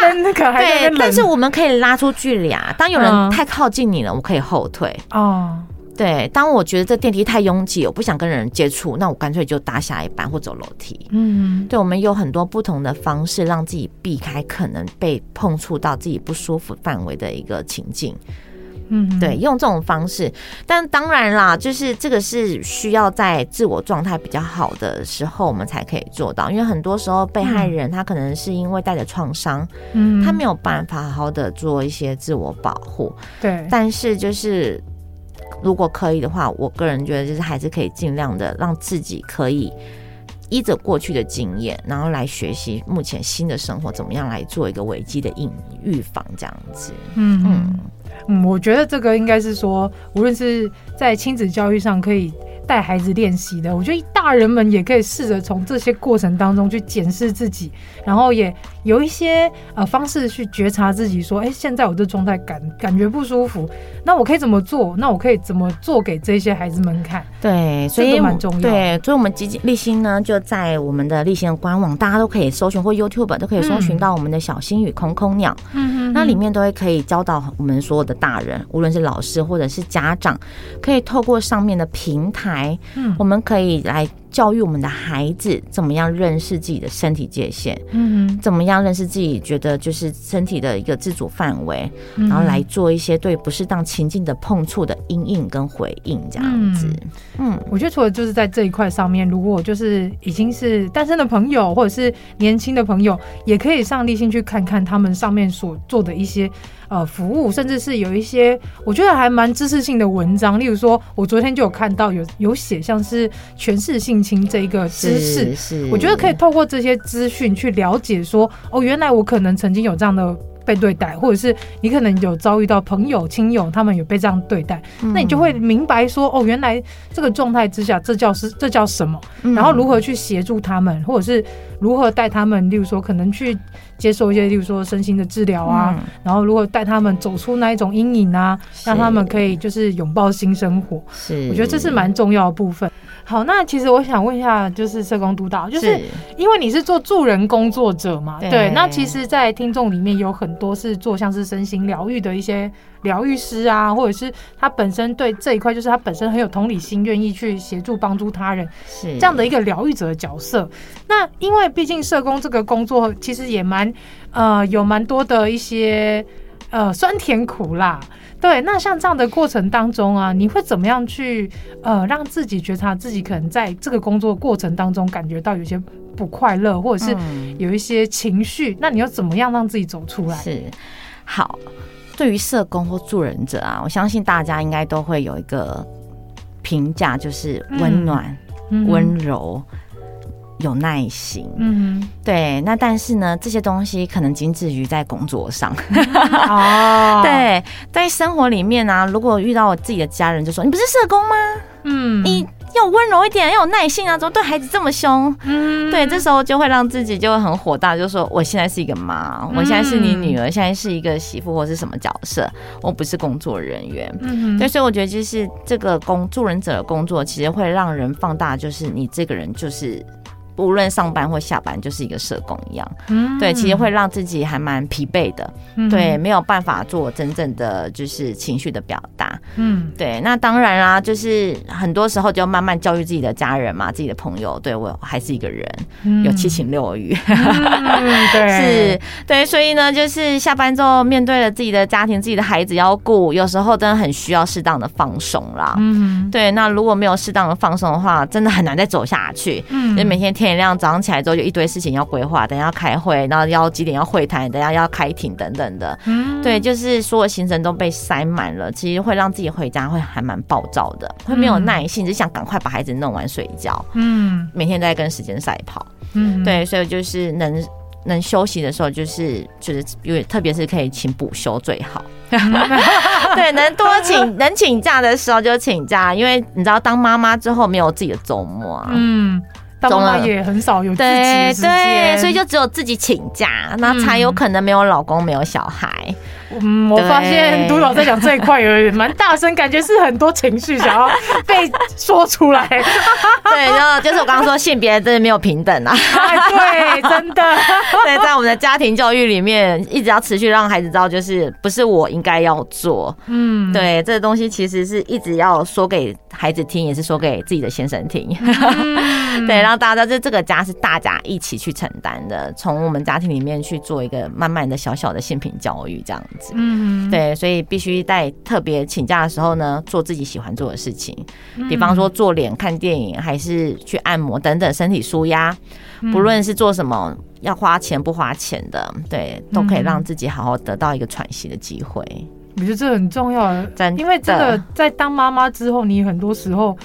Speaker 1: 大人那個還那對，但是我們可以拉出距離啊，當有人、嗯。太靠近你了，我可以後退。哦、oh.，對，當我覺得這電梯太擁擠，我不想跟人接觸，那我乾脆就搭下一班或走樓梯。嗯、mm -hmm.，對，我們有很多不同的方式讓自己避開可能被碰觸到自己不舒服範圍的一個情境。嗯， 對，用這種方式，但當然啦，就是這個是需要在自我狀態比較好的時候，我們才可以做到。因為很多時候被害人他可能是因為帶着創傷，嗯， 他沒有辦法好好的做一些自我保護。 對，但是就是如果可以的話，我個人覺得就是還是可以盡量的讓自己可以依着過去的經驗，然後來學習目前新的生活，怎麼樣來做一個危機的應預防這樣子。
Speaker 2: 嗯 嗯。嗯，我覺得這個應該是說，無論是在親子教育上，可以。帶孩子練習的，我覺得大人們也可以試着從這些過程當中去檢視自己，然後也有一些呃方式去覺察自己，說，哎、欸，現在我的狀態感感覺不舒服，那我可以怎麼做？那我可以怎麼做給這些孩子們看？
Speaker 1: 對，所以蠻、這個、重要的。要對，所以我們積極立心呢，就在我們的立心的官網，大家都可以搜尋，或 YouTube 都可以搜尋到我們的小星與空空鳥。嗯嗯。那裡面都會可以教導我們所有的大人，嗯、無論是老師或者是家長，可以透過上面的平台。來， 我們可以來。教育我們的孩子怎麼樣認識自己的身體界限，嗯哼，怎麼樣認識自己覺得就是身體的一個自主範圍，嗯，然後來做一些對不適當情境的碰觸的因應跟回應這樣子嗯。
Speaker 2: 嗯，我覺得除了就是在這一塊上面，如果我就是已經是單身的朋友或者是年輕的朋友，也可以上勵馨去看看他們上面所做的一些呃服務，甚至是有一些我覺得還蠻知識性的文章，例如說，我昨天就有看到有有寫像是詮釋性。這一個知識，我覺得可以透過這些資訊去了解說，說哦，原來我可能曾經有這樣的被對待，或者是你可能有遭遇到朋友、親友他們有被這樣對待，嗯，那你就會明白說哦，原來這個狀態之下，這叫是這叫什麼？然後如何去協助他們，嗯，或者是如何帶他們，例如說可能去接受一些，例如說身心的治療啊，嗯，然後如何帶他們走出那一種陰影啊，讓他們可以就是擁抱新生活。是，我覺得這是蠻重要的部分。好，那其實我想問一下，就是社工督導，就是因為你是做助人工作者嘛，對。對那其實，在聽眾裡面有很多是做像是身心療癒的一些療癒師啊，或者是他本身對這一塊，就是他本身很有同理心，願意去協助幫助他人，是這樣的一個療癒者的角色。那因為畢竟社工這個工作其實也蠻呃有蠻多的一些呃酸甜苦辣。對，那像這樣的過程當中啊，你會怎麼樣去呃讓自己覺察，自己可能在這個工作過程當中感覺到有些不快樂，或者是有一些情緒，嗯。那你要怎麼樣讓自己走出來？是
Speaker 1: 好，對於社工或助人者啊，我相信大家應該都會有一個評價，就是溫暖、溫柔、嗯嗯。有耐心，嗯，對。那但是呢，這些東西可能僅止於在工作上。 哦，對，在生活裡面啊，如果遇到我自己的家人，就說，你不是社工嗎？嗯，你要溫柔一點，要有耐心啊，怎麼對孩子這麼兇？嗯，對，這時候就會讓自己就很火大，就說我現在是一個媽、嗯，我現在是你女兒，現在是一個媳婦或是什麼角色，我不是工作人員。嗯，所以我覺得就是這個工助人者的工作，其實會讓人放大，就是你這個人就是。無論上班或下班，就是一個社工一樣，嗯，
Speaker 3: 對，其實會
Speaker 1: 讓自己還蠻疲憊的，嗯，對，沒有辦法做真正的就是情緒的表達，嗯，對。那當然啦，就是很多時候就慢慢教育自己的家人嘛，自己的朋友，對我還是一個人，有七情六欲，嗯 嗯，對，是，對，所以呢，就是下班之後面對了自己的家庭，自己的孩子要顧，有時候真的很需要適當的放鬆啦，嗯，對。那如果沒有適當的放鬆的話，真的很難再走下去，嗯，就每天天，每天早上起來之後，就一堆事情要規劃，等一下開會，然後要幾點要會談，等一下要開庭等等的。嗯，對，就是所有行程都被塞滿了。其實會讓自己回家會還蠻暴躁的，會沒有耐性，嗯，就想趕快把孩子弄完睡覺。嗯，每天都在跟時間賽跑。嗯，對，所以就是能能休息的時候，就是就是因為特別是可以請補休最好。 對，能多請能請假的時候就請假，因為你知道當媽媽之後沒有自己的週末啊。嗯。中了也很少有自己的時間，對，對，所以就只有自己請假，那才有可能沒有老公，沒有小孩。嗯。嗯嗯，我發現督導在講這一
Speaker 2: 塊有點蠻大
Speaker 1: 聲， 感覺是很多情緒想要被說出來。對，然後就是我剛剛說性別真的沒有平等啊。哎，對，真的。對，在我們的家庭教育裡面，一直要持續讓孩子知道，就是不是我應該要做。嗯，對，這個東西其實是一直要說給孩子聽，也是說給自己的先生聽。嗯、對，然後大家這這個家是大家一起去承擔的，從我們家庭裡面去做一個慢慢的小小的性平教育，這樣子。嗯，對，所以必須在特別請假的時候呢，做自己喜歡做的事情，比方說做臉、看電影，還是去按摩等等，身體舒壓。不論是做什麼，要花錢不花錢的，對，都可以讓自己好好得到一個喘息的機會。
Speaker 2: 我覺得這很重要，因為這個在當媽媽之後，你很多時候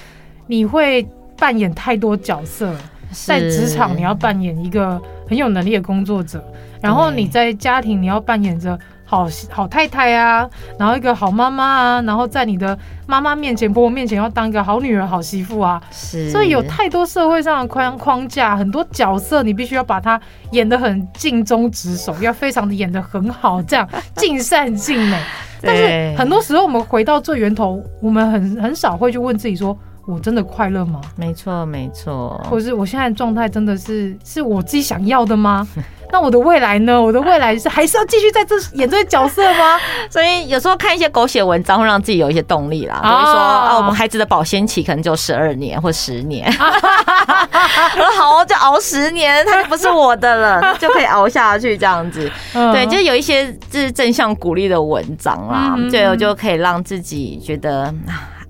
Speaker 2: 你會扮演太多角色，在職場你要扮演一個很有能力的工作者，然後你在家庭你要扮演着。好好太太啊，然後一個好媽媽啊，然後在你的媽媽面前、婆婆面前要當一個好女兒、好媳婦啊，是，所以有太多社會上的框框架，很多角色你必須要把它演得很盡忠職守， 要非常的演得很好，這樣盡善盡美。 但是很多時候我們回到最源頭，我們很很少會去問自己說。我真的快樂嗎？沒錯，沒錯。或是我現在的狀態真的是是我自己想要的嗎？ 那我的未來呢？我的未來
Speaker 1: 是還是要繼續在這演這個角色嗎？ 所以有時候看一些狗血文章，會讓自己有一些動力啦。Oh, 比如說 oh, oh. 啊，我們孩子的保鮮期可能就十二年或十年。
Speaker 3: 我 說 好就熬十年，他就不是我
Speaker 1: 的了， 就可以熬下去這樣子。Uh, 對，就有一些就是正向鼓勵的文章啦，um, 對我、um, 就可以讓自己覺得。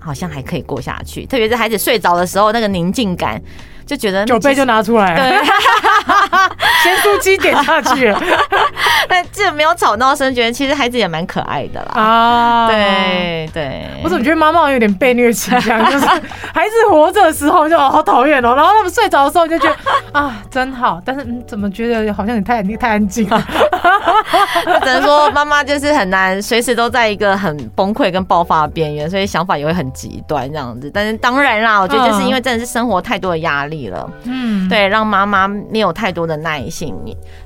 Speaker 1: 好像還可以過下去，特別是孩子睡着的時候，那個寧靜感，就覺得酒杯就拿出來了，對， 鹹酥雞點下去了。 但這沒有吵鬧聲，覺得其實孩子也蠻可愛的啦。啊，對對，
Speaker 2: 我怎麼覺得媽媽有點被虐傾向？就是孩子活着的時候就好討厭哦，然後他們睡着的時候就覺得啊真好。但是你怎麼覺得好像你太你太安靜啊？ 我
Speaker 3: 只能說媽
Speaker 1: 媽就是很難隨時都在一個很崩潰跟爆發的邊緣，所以想法也會很極端這樣子。但是當然啦，我覺得就是因為真的是生活太多的壓力了。嗯，對，讓媽媽沒有太多的耐性。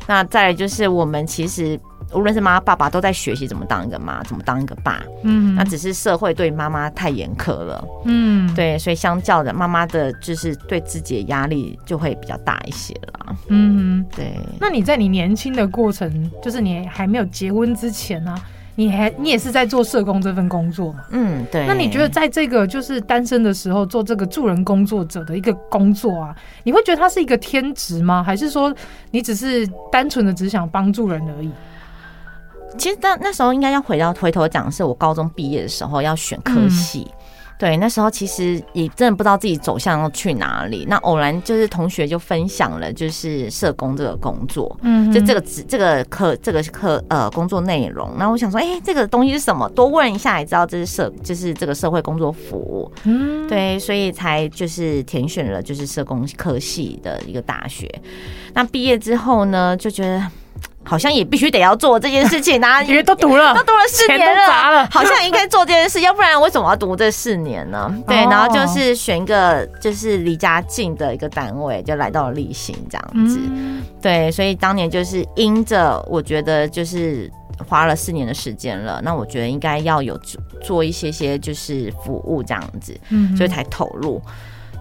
Speaker 1: 那再來就是，我們其實無論是媽媽爸爸都在學習怎麼當一個媽，怎麼當一個爸。嗯，那只是社會對媽媽太嚴苛了。嗯，對，所以相較的媽媽的就是對自己的壓力就會比較大一些啦。嗯，嗯，對。
Speaker 2: 那你在你年輕的過程，就是你還沒有結婚之前呢、啊？你還你也是在做社工這份工作嘛？嗯，
Speaker 3: 對。那你覺得
Speaker 2: 在這個就是單身的時候做這個助人工作者的一個工作啊，你會覺得它是一個天職嗎？還是說你只是單純的只想幫助人而已？
Speaker 1: 其實那那時候應該要回到回頭講，是我高中畢業的時候要選科系。嗯。對，那時候其實也真的不知道自己走向要去哪裡。那偶然就是同學就分享了，就是社工這個工作，嗯，就這個這個科這個科呃工作內容。那我想說，哎、欸，這個東西是什麼？多問一下，也知道這是社，就是這個社會工作服務，嗯，對，所以才就是填選了就是社工科系的一個大學。那畢業之後呢，就覺得。好像也必須得要做這件事情，啊，因 為都讀了，都讀了四年了，了好像應該做這件事， 要不然為什麼要讀這四年呢？對，然後就是選一個就是離家近的一個單位，就來到了勵馨這樣子。嗯、對，所以當年就是因着我覺得就是花了四年的時間了，那我覺得應該要有做一些些就是服務這樣子，嗯，所以才投入。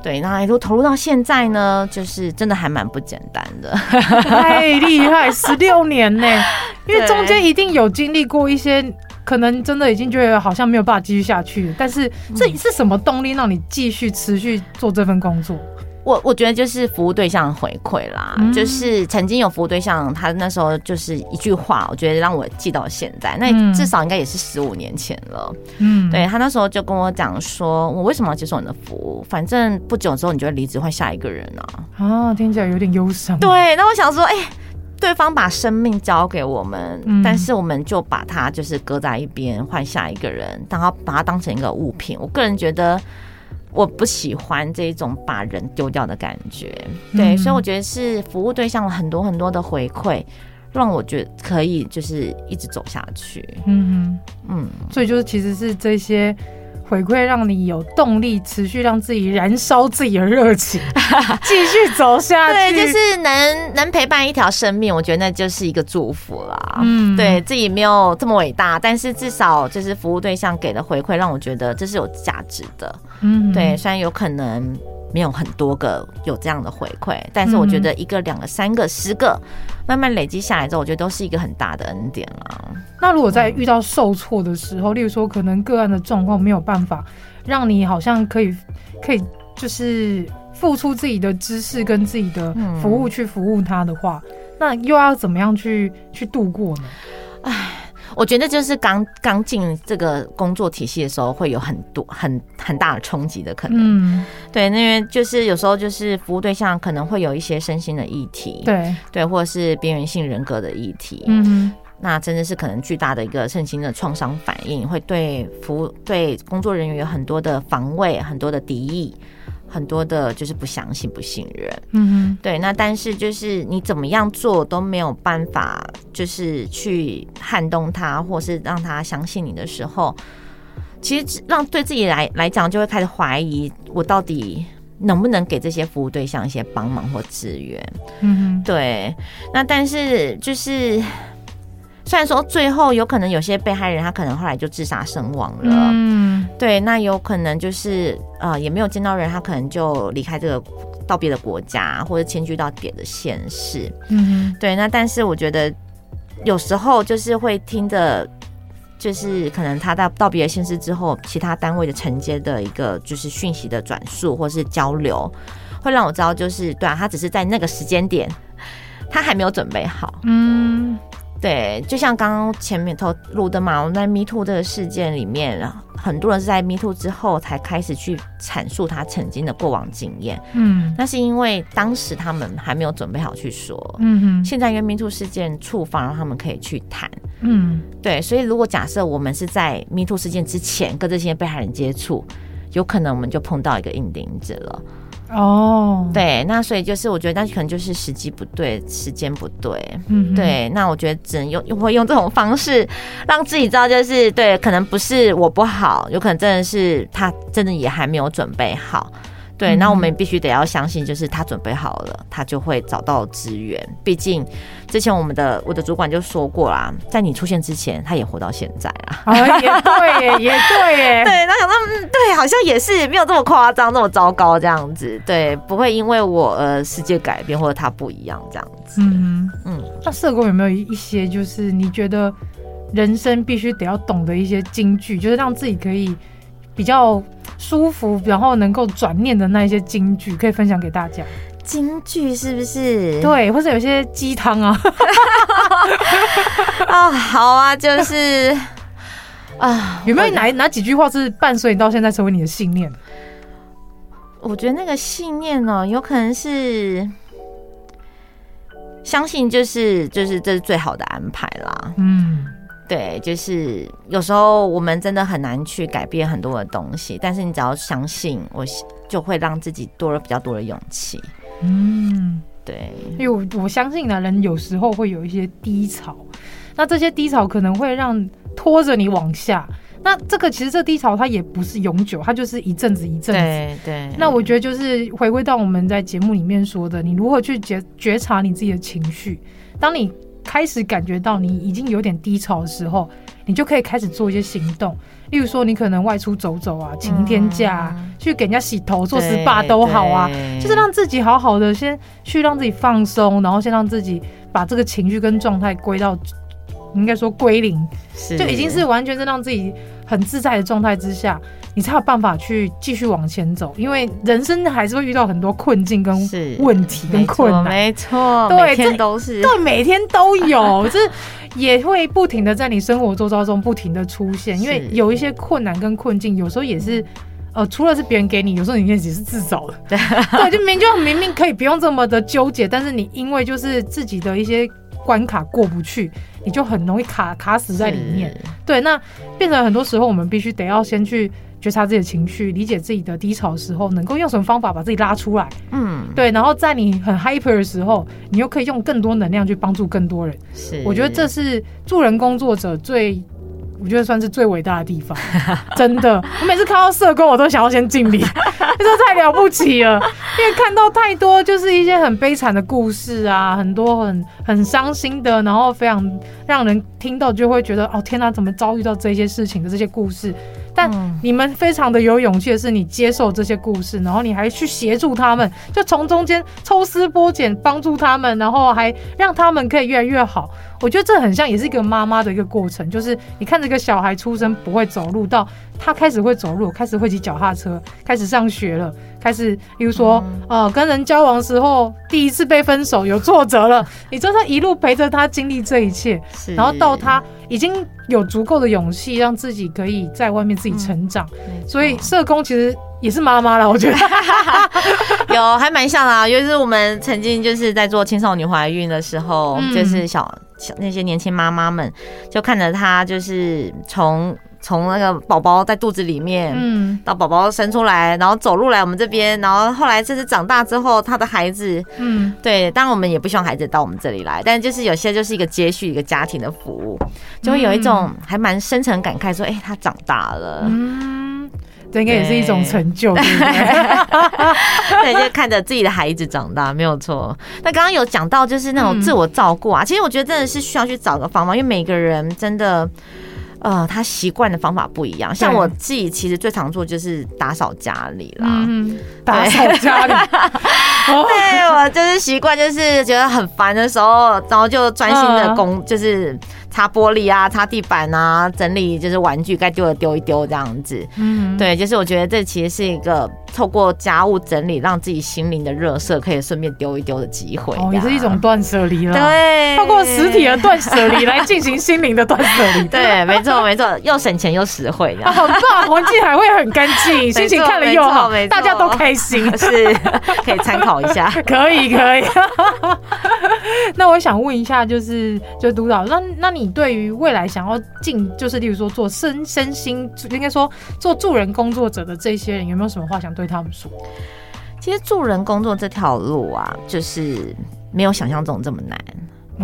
Speaker 1: 對，那後投投入到現在呢，就是真的還蠻不簡單的，
Speaker 2: 太 厲 害，十六年呢，因為中間一定有經歷過一些，可能真的已經覺得好像沒有辦法繼續下去，但是，這、嗯、是什麼動力讓你繼續持續做這份工作？
Speaker 1: 我我覺得就是服務對象回饋啦、嗯，就是曾經有服務對象，他那時候就是一句話，我覺得讓我記到現在。那至少應該也是十五年前了。嗯，對他那時候就跟我講說，我為什麼要接受你的服務？反正不久之後你就會離職換下一個人啊。
Speaker 2: 啊，聽起來有點憂傷。對，那我想說，哎、欸，
Speaker 1: 對方把生命交給我們，嗯、但是我們就把它就是擱在一邊換下一個人，然後把它當成一個物品。我個人覺得。我不喜歡這種把人丟掉的感覺，對，嗯，所以我覺得是服務對象很多很多的回饋，讓我覺得可以就是一直走下去。
Speaker 2: 嗯哼，嗯，所以就是其實是這些
Speaker 1: 回饋讓你有動力持續讓自己燃燒自己的熱情，繼 續走下去，對，就是能能陪伴一條生命，我覺得那就是一個祝福啦。嗯，對自己沒有這麼偉大，但是至少就是服務對象給的回饋，讓我覺得這是有價值的。嗯，嗯，對，雖然有可能沒有很多個有這樣的回饋，但是我覺得一個、兩個、三個、十個，慢慢累積下來之後，我覺得都是一個很大的恩典啊。
Speaker 2: 那如果在遇到受挫的時候，嗯、例如說可能個案的狀況沒有辦法讓你好像可以可以就是付出自己的知識跟自己的服務去服務他的話，嗯、那又要怎麼樣去去度過
Speaker 1: 呢？唉。我覺得就是剛剛進這個工作體系的時候，會有很多很很大的衝擊的可能。嗯，對，那因為就是有時候就是服務對象可能會有一些身心的議題，對對，或者是邊緣性人格的議題。嗯，那真的是可能巨大的一個身心的創傷反應，會對服務對工作人員有很多的防衛，很多的敵意。很多的，就是不相信、不信任，嗯
Speaker 3: 哼，
Speaker 1: 對。那但是就是你怎麼樣做都沒有辦法，就是去撼動他，或是讓他相信你的時候，其實讓對自己來來講，就會開始懷疑我到底能不能給這些服務對象一些幫忙或支援，嗯哼，對。那但是就是。雖然說最後有可能有些被害人他可能後來就自殺身亡
Speaker 3: 了，嗯，
Speaker 1: 對，那有可能就是呃也沒有見到人，他可能就離開這個到別的國家或者遷居到別的縣市，嗯哼，對，那但是我覺得有時候就是會聽着，就是可能他到到別的縣市之後，其他單位的承接的一個就是訊息的轉述或是交流，會讓我知道就是對啊，他只是在那個時間點他還沒有準備好，
Speaker 3: 嗯。
Speaker 1: 對，就像剛剛前面透露的嘛，我們在 MeToo 這個事件裡面，很多人是在 MeToo 之後才開始去闡述他曾經的過往經驗。嗯，那是因為當時他們還沒有準備好去說。嗯哼。現在因為 MeToo 事件觸發，讓他們可以去談。嗯，對。所以如果假設我們是在 MeToo 事件之前跟這些被害人接觸，有可能我們就碰到一個硬釘子了。哦、oh.，對，那所以就是我覺得，那可能就是時機不對，時間不對，Mm-hmm. 對。那我覺得只能用，我會用這種方式讓自己知道，就是對，可能不是我不好，有可能真的是他真的也還沒有準備好。對，那我們必須得要相信，就是他準備好了，嗯、他就會找到資源。畢竟之前我們的我的主管就說過啦，啊，在你出現之前，他也活到現在啊。也、哦、
Speaker 3: 對，也對，耶 也對耶，對。那想
Speaker 1: 到、嗯，對，好像也是沒有這麼誇張，這麼糟糕這樣子。對，不會因為我呃世界改變或者他不一樣這樣
Speaker 2: 子。
Speaker 3: 嗯
Speaker 2: 嗯。那社工有沒有一些就是你覺得人生必須得要懂得一些金句，就是讓自己可以？比較舒服，然後能夠轉念的那一些金句，可以分享給大家。金句是不是？對，或者有些雞湯啊。 啊、 哦，好啊，就是 啊，有沒有哪哪幾句話是伴隨你
Speaker 1: 到現在，成為你的信念？我覺得那個信念呢、哦，有可能是相信，就是就是這是最好的安排啦。嗯。對，就是有時候我們真的很難去改變很多的東西，但是你只要相信我，就會讓自己多了比較多的勇氣。
Speaker 2: 嗯，對，因為我我相信的人有時候會有一些低潮，那這些低潮可能會讓拖着你往下。那這個其實這低潮它也不是永久，它就是一陣子一陣子。對對。那我覺得就是回歸到我們在節目裡面說的，你如何去覺覺察你自己的情緒，當你。開始感覺到你已經有點低潮的時候，你就可以開始做一些行動。例如說，你可能外出走走啊，請天假去給人家洗頭、做 SPA 都好啊，就是讓自己好好的先去讓自己放鬆，然後先讓自己把這個情緒跟狀態歸到，應該說歸零，
Speaker 3: 就已經是
Speaker 2: 完全是讓自己很自在的狀態之下。你才有辦法去繼續往前走，因為人生還是會遇到很多困境、跟問題、跟困難，沒錯，對，這都是對，每天都有， 就是也會不停的在你生活周遭中不停的出現。因為有一些困難跟困境，有時候也是，嗯、呃，除了是別人給你，有時候你也只是自找的， 對，就明就明明可以不用這麼的糾結，但是你因為就是自己的一些關卡過不去，你就很容易卡卡死在裡面。對，那變成很多時候我們必須得要先去。覺察自己的情緒，理解自己的低潮的時候，能夠用什麼方法把自己拉出來？嗯，對。然後在你很 hyper 的時候，你又可以用更多能量去幫助更多人。是，我覺得這是助人工作者最，我覺得算是最偉大的地方。 真的，我每次看到社工，我都想要先敬禮， 這太了不起了。因為看到太多就是一些很悲慘的故事啊，很多很很傷心的，然後非常讓人聽到就會覺得哦天哪，怎麼遭遇到這些事情的這些故事。但你們非常的有勇氣的是你接受這些故事，然後你還去協助他們，就從中間抽絲剝繭，幫助他們，然後還讓他們可以越來越好。我覺得這很像，也是一個媽媽的一個過程，就是你看這個小孩出生不會走路，到他開始會走路，開始會騎腳踏車，開始上學了，開始比如說哦、嗯呃，跟人交往時候第一次被分手，有挫折了， 你真的一路陪着他經歷這一切，然後到他已經有足夠的勇氣，讓自己可以在外面自己成長，嗯、所以社工其實也是媽媽了，我覺得、嗯、
Speaker 1: 有還蠻像的啊，就是我們曾經就是在做青少女懷孕的時候，嗯、就是小。那些年輕媽媽們就看着她，就是從從那個寶寶在肚子裡面，嗯，到寶寶生出來，然後走路來我們這邊，然後後來這是長大之後，他的孩子，嗯，對，當然我們也不希望孩子到我們這裡來，但就是有些就是一個接續一個家庭的服務，
Speaker 3: 就會有一種
Speaker 1: 還蠻深沉感慨，說，哎，他長大了、嗯。嗯這應該也是一種成就，對， 就看着自己的孩子長大，沒有錯。那剛剛有講到，就是那種自我照顧啊，其實我覺得真的是需要去找個方法，因為每個人真的，呃，他習慣的方法不一樣。像我自己，其實最常做就是打掃家裡
Speaker 3: 啦，打掃家裡。對，
Speaker 1: 我就是習慣，就是覺得很煩的時候，然後就專心的工，就是。擦玻璃啊，擦地板啊，整理就是玩具該丟的丟一丟這樣子。嗯，嗯，對，就是我覺得這其實是一個透過家務整理，讓自己心靈的熱色可以順便丟一丟的機會。哦，也是一種斷捨離了。對，透過實體的斷捨離來進行心靈的斷捨離。 對，沒錯，沒錯，又省錢又實惠，然、 啊、好棒，環境還會很乾淨，心情看了又好，大家都開心， 是， 可以參考一下。可以，可以
Speaker 2: 那我想問一下，就是就督導，那那你。你對於未來想要進，就是例如說做身身心，應該說做助人工作者的這些人，有沒有什麼話想對他們說？
Speaker 1: 其實助人工作這條路啊，就是沒有想象中這麼難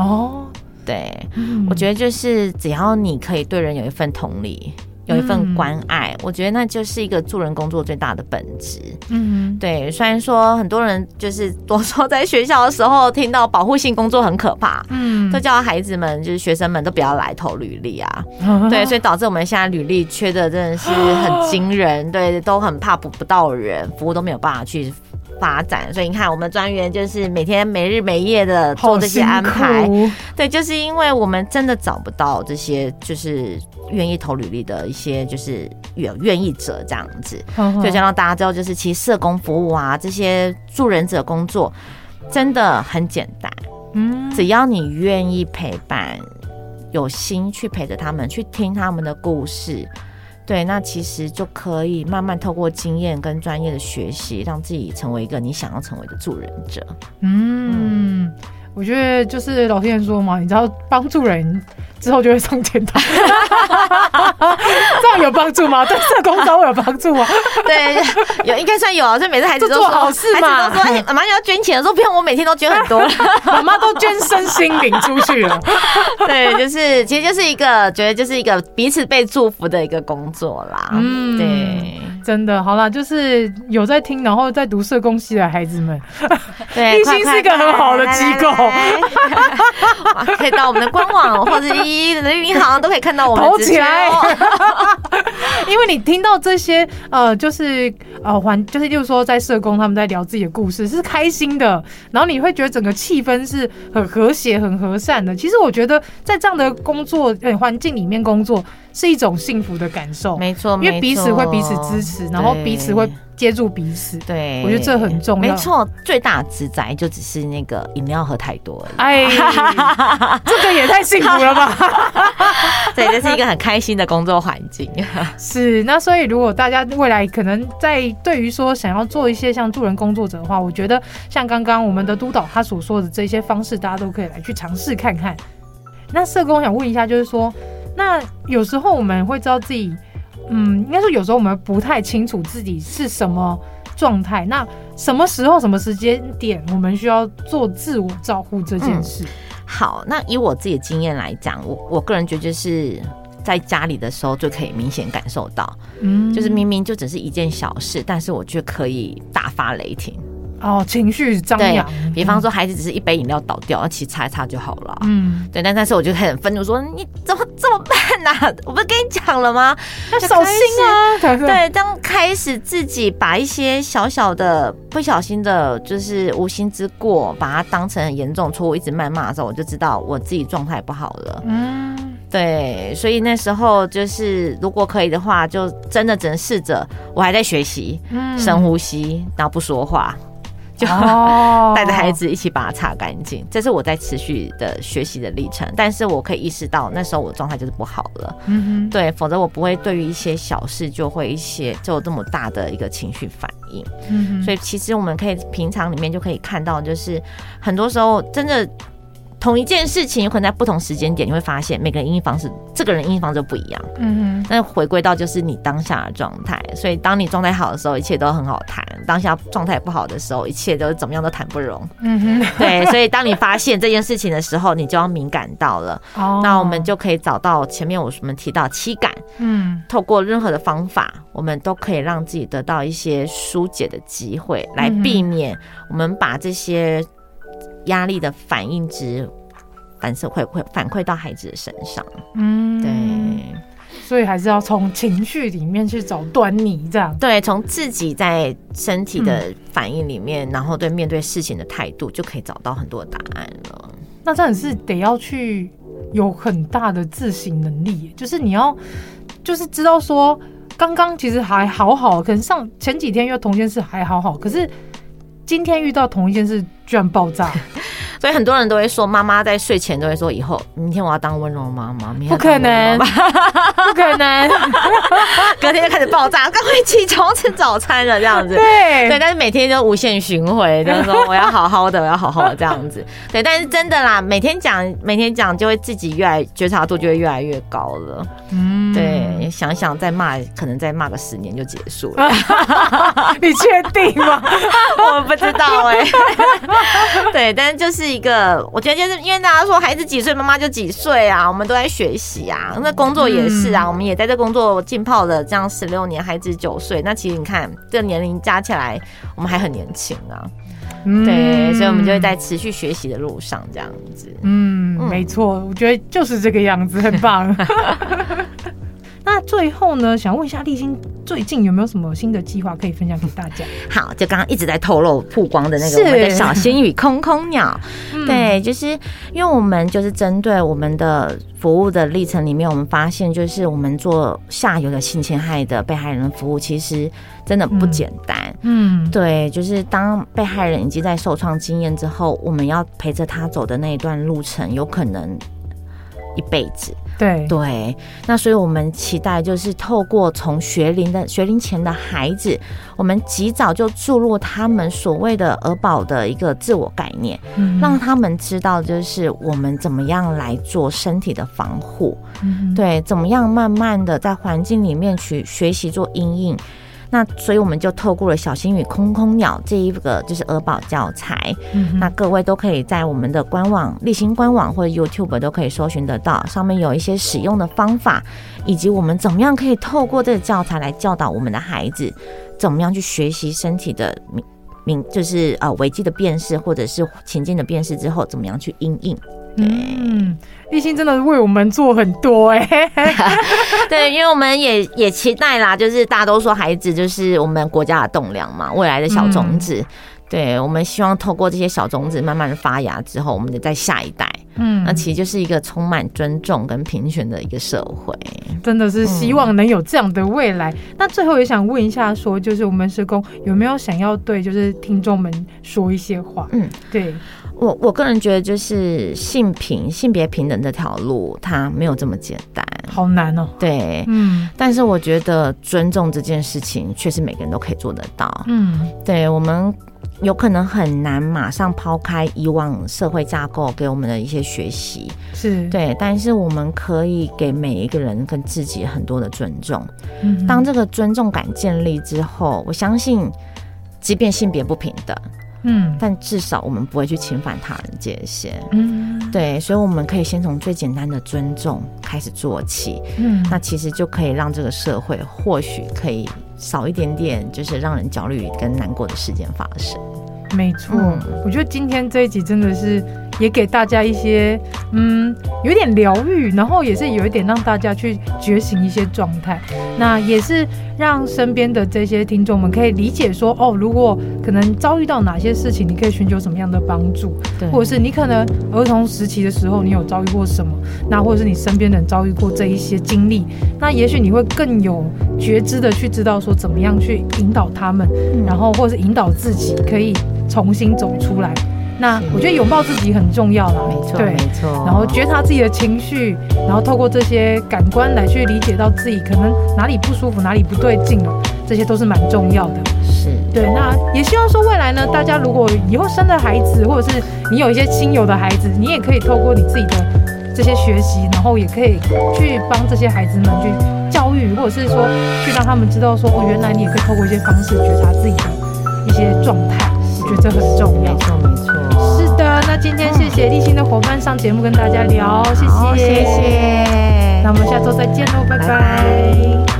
Speaker 1: 哦。對、嗯，我覺得就是只要你可以對人有一份同理。
Speaker 3: 有一份關
Speaker 1: 愛、嗯，我覺得那就是一個助人工作最大的本質。
Speaker 3: 嗯，
Speaker 1: 對。雖然說很多人就是，我說在學校的時候聽到保護性工作很可怕，嗯，都叫孩子們，就是學生們都不要來投履歷啊、嗯。對，所以導致我們現在履歷缺的真的是很驚人，對，都很怕補不到人，服務都沒有辦法去發展，所以你看，我們專員就是每天沒日沒夜的做這些安排，對，就是因為我們真的找不到這些就是願意投履歷的一些就是願願意者這樣子，好好，所以想讓大家知道，就是其實社工服務啊，這些助人者工作真的很簡單，嗯，只要你願意陪伴，有心去陪着他們，去聽他們的故事。對，那其實就可以慢慢透過經驗跟專業的學習，讓自己成為一個你想要成為的助人者。
Speaker 2: 嗯，嗯，我覺得就是老天爺說嘛，你只要幫助人。之
Speaker 1: 後就會上天堂，這樣有幫助嗎？對，這工作有幫助嗎？ 對，有應該算有啊。所以每次孩子都說做好事嘛，都說你：“哎，媽媽要捐錢的時候，不用我每天都捐很多，我媽都捐身心靈出去了。 ”對，就是其實就是一個，覺得就是一個彼此被祝福的一個工作啦。嗯，對，
Speaker 2: 真的好了，就是有在聽，然後在讀社工系的孩子們， 對， 快快快 是勵
Speaker 3: 馨是個很好的機構來來來來、 啊，可以到我們的官網或者一。人云好像都
Speaker 2: 可以看到我們起來，因為你聽到這些呃，就是呃環，就是就是說在社工他們在聊自己的故事，是開心的，然後你會覺得整個氣氛是很和諧、很和善的。其實我覺得在這樣的工作環境裡面工作是一種幸福的感受，沒錯，因為彼此會彼此支持，然後彼此會。接住彼此，對我覺得這很重要。沒錯，
Speaker 1: 最大的職災就只是那個飲料喝太多了。哎， 這個也太幸福了吧！對， 這是一個很開心的工作環境。 是，那所以如果大家未
Speaker 2: 來可能在對於說想要做一些像助人工作者的話，我覺得像剛剛我們的督導他所說的這些方式，大家都可以來去嘗試看看。那社工想問一下，就是說，那有時候我們會知道自己。嗯，應該說有時候我們不太清楚自己是什麼狀態。那什麼時候、什麼時間點，我們需
Speaker 1: 要做自我照顧這件事？嗯，好，那以我自己的經驗來講，我我個人覺得就是在家裡的時候就可以明顯感受到，
Speaker 3: 嗯，就是明
Speaker 1: 明就只是一件小事，但是我卻可以大發雷霆。哦，情緒張揚。對，比方說孩子只是一杯飲料倒掉，要、嗯、其實擦一擦就好了。嗯，對。但那時候我就很憤怒說，說你怎麼這麼笨吶、啊？我不是跟你講了嗎？要小心啊，啊！對，當開始自己把一些小小的、不小心的，就是無心之過，把它當成很嚴重錯誤，我一直謾罵的時候，我就知道我自己狀態不好
Speaker 3: 了。
Speaker 1: 嗯，對。所以那時候就是，如果可以的話，就真的只能試着。我還在學習，嗯，深呼吸，然後不說話。就帶着孩子一起把它擦乾淨，oh. 這是我在持續的學習的歷程。但是我可以意識到，那時候我狀態就是不好了，mm-hmm. 對，否則我不會對於一些小事就會一些就有這麼大的一個情緒反應。嗯，mm-hmm，所以其實我們可以平常裡面就可以看到，就是很多時候真的。同一件事情，有可能在不同時間點，你會發現每個人因應方式，這個人因應方式都不一樣。嗯哼。那回歸到就是你當下的狀態，所以當你狀態好的時候，一切都很好談；當下狀態不好的時候，一切都怎麼樣都談不攏。
Speaker 3: 嗯哼。對，所以
Speaker 1: 當你發現這件事情的時候， 你就要敏感到了。哦。那我們就可以找到前面我們提到七感。嗯。透過任何的方法，我們都可以讓自己得到一些疏解的機會，來避免我們把這些。壓力的反應值反射會不會反饋到孩子的身上，嗯，對，
Speaker 2: 所以還是要從情緒裡面去找端倪，這
Speaker 1: 樣對，從自己在身體的反應裡面，嗯、然後對面對事情的態度，就可以找到很多答案了。
Speaker 2: 那真的是得要去有很大的自省能力，就是你要就是知道說，剛剛其實還好好，可是上前幾天又同一件事還好好，可是今天遇到同一件事。居然
Speaker 1: 爆炸！所以很多人都會說，媽媽在睡前都會說：“以後明天我要當溫柔媽媽。明天要當溫柔媽媽”不可能，不可能。 隔天就開始爆炸，剛一起床吃早餐了，這樣子。對，對。但是每天就無限循環，就是說我要好好的， 我要好好的這樣子。對，但是真的啦，每天講，每天講，就會自己越來覺察度就會越來越高了。嗯，對。想想再罵，可能再罵個十年就結束了。 你確定嗎？ 我不知道哎、欸。 對，但是就是。一個，我覺得就是因為大家說孩子幾歲，媽媽就幾歲啊，我們都在學習啊，那工作也是啊、嗯，我們也在這工作浸泡了這樣十六年，孩子九歲，那其實你看這個年齡加起來，我們還很年輕啊、嗯，
Speaker 3: 對，所以我們就會
Speaker 1: 在持續學習的路上這樣子，嗯，
Speaker 3: 嗯，沒
Speaker 1: 錯，我覺得就是這個樣子，很棒。
Speaker 2: 那最後呢，想問一下勵馨最近有沒有什麼新的計劃可以分享給大家？
Speaker 1: 好，就剛剛一直在透露、曝光的那個我們的小心宇空空鳥、嗯，對，就是因為我們就是針對我們的服務的歷程裡面，我們發現就是我們做下游的性侵害的被害人服務，其實真的不簡單。嗯，對，就是當被害人已經在受創經驗之後，我們要陪着他走的那一段路程，有可能一輩子。對對，那所以我們期待就是透過從學齡的學齡前的孩子，我們及早就注入他們所謂的兒保的一個自我概念，嗯，讓他們知道就是我們怎麼樣來做身體的防護，嗯、對，怎麼樣慢慢的在環境裡面去學習做因應，那所以我們就透過了《小星與空空鳥》這一個就是兒保教材，嗯，那各位都可以在我們的官網、勵馨官網或者 YouTube 都可以搜尋得到，上面有一些使用的方法，以及我們怎麼樣可以透過這個教材來教導我們的孩子，怎麼樣去學習身體的明明就是呃危機的辨識，或者是情境的辨識之後，怎麼樣去因應。嗯，勵馨真的為我們做很多哎、欸。 對，因為我們也也期待啦，就是大多數孩子就是我們國家的棟梁嘛，未來的小種子、嗯。對，我們希望透過這些小種子慢慢的發芽之後，我們得在下一代，嗯，那其實就是一個充滿尊重跟平權的一個社會。
Speaker 2: 真的是希望能有這樣的未來。嗯、那最後也想問一下說，說就是我們社工有沒有想要對就是聽眾們說一些話？嗯，
Speaker 1: 對。我我個人覺得，就是性平、性別平等這條路，它沒有這麼簡單，好難哦、喔。對，嗯。但是我覺得尊重這件事情，確實每個人都可以做得到。嗯，對。我們有可能很難馬上拋開以往社會架構給我們的一些學習，
Speaker 3: 是
Speaker 1: 對。但是我們可以給每一個人跟自己很多的尊重。
Speaker 3: 嗯、當這
Speaker 1: 個尊重感建立之後，我相信，即便性別不平等。嗯，但至少我們不會去侵犯他人界限。嗯，對，所以我們可以先從最簡單的尊重開始做起。嗯，那其實就可以讓這個社會或許可以少一點點，就是讓人焦慮跟難過的事件發生。
Speaker 2: 沒錯，嗯，我覺得今天這一集真的是。也給大家一些，嗯，有點療癒，然後也是有一點讓大家去覺醒一些狀態，那也是讓身邊的這些聽眾們可以理解說，哦，如果可能遭遇到哪些事情，你可以尋求什麼樣的幫
Speaker 3: 助，對，或者是
Speaker 2: 你可能兒童時期的時候，你有遭遇過什麼，那或者是你身邊人遭遇過這一些經歷，那也許你會更有覺知的去知道說，怎麼樣去引導他們，嗯，然後或者是引導自己可以重新走出來。那我覺得擁抱自己很重要啦，沒錯，沒錯。然後覺察自己的情緒，然後透過這些感官來去理解到自己可能哪裡不舒服，哪裡不對勁了，這些都是蠻重要的。是對。那也希望說未來呢，大家如果以後生了孩子，或者是你有一些親友的孩子，你也可以透過你自己的這些學習，然後也可以去幫這些孩子們去教育，或者是說去讓他們知道說哦，原來你也可以透過一些方式覺察自己的一些狀態。我覺得這很重要。沒錯沒錯.那今天謝謝勵馨的伙伴上節目跟大家聊，嗯、謝謝、哦謝，謝，哦、謝謝，那我們下周再見嘍、哦，拜拜。拜拜拜拜。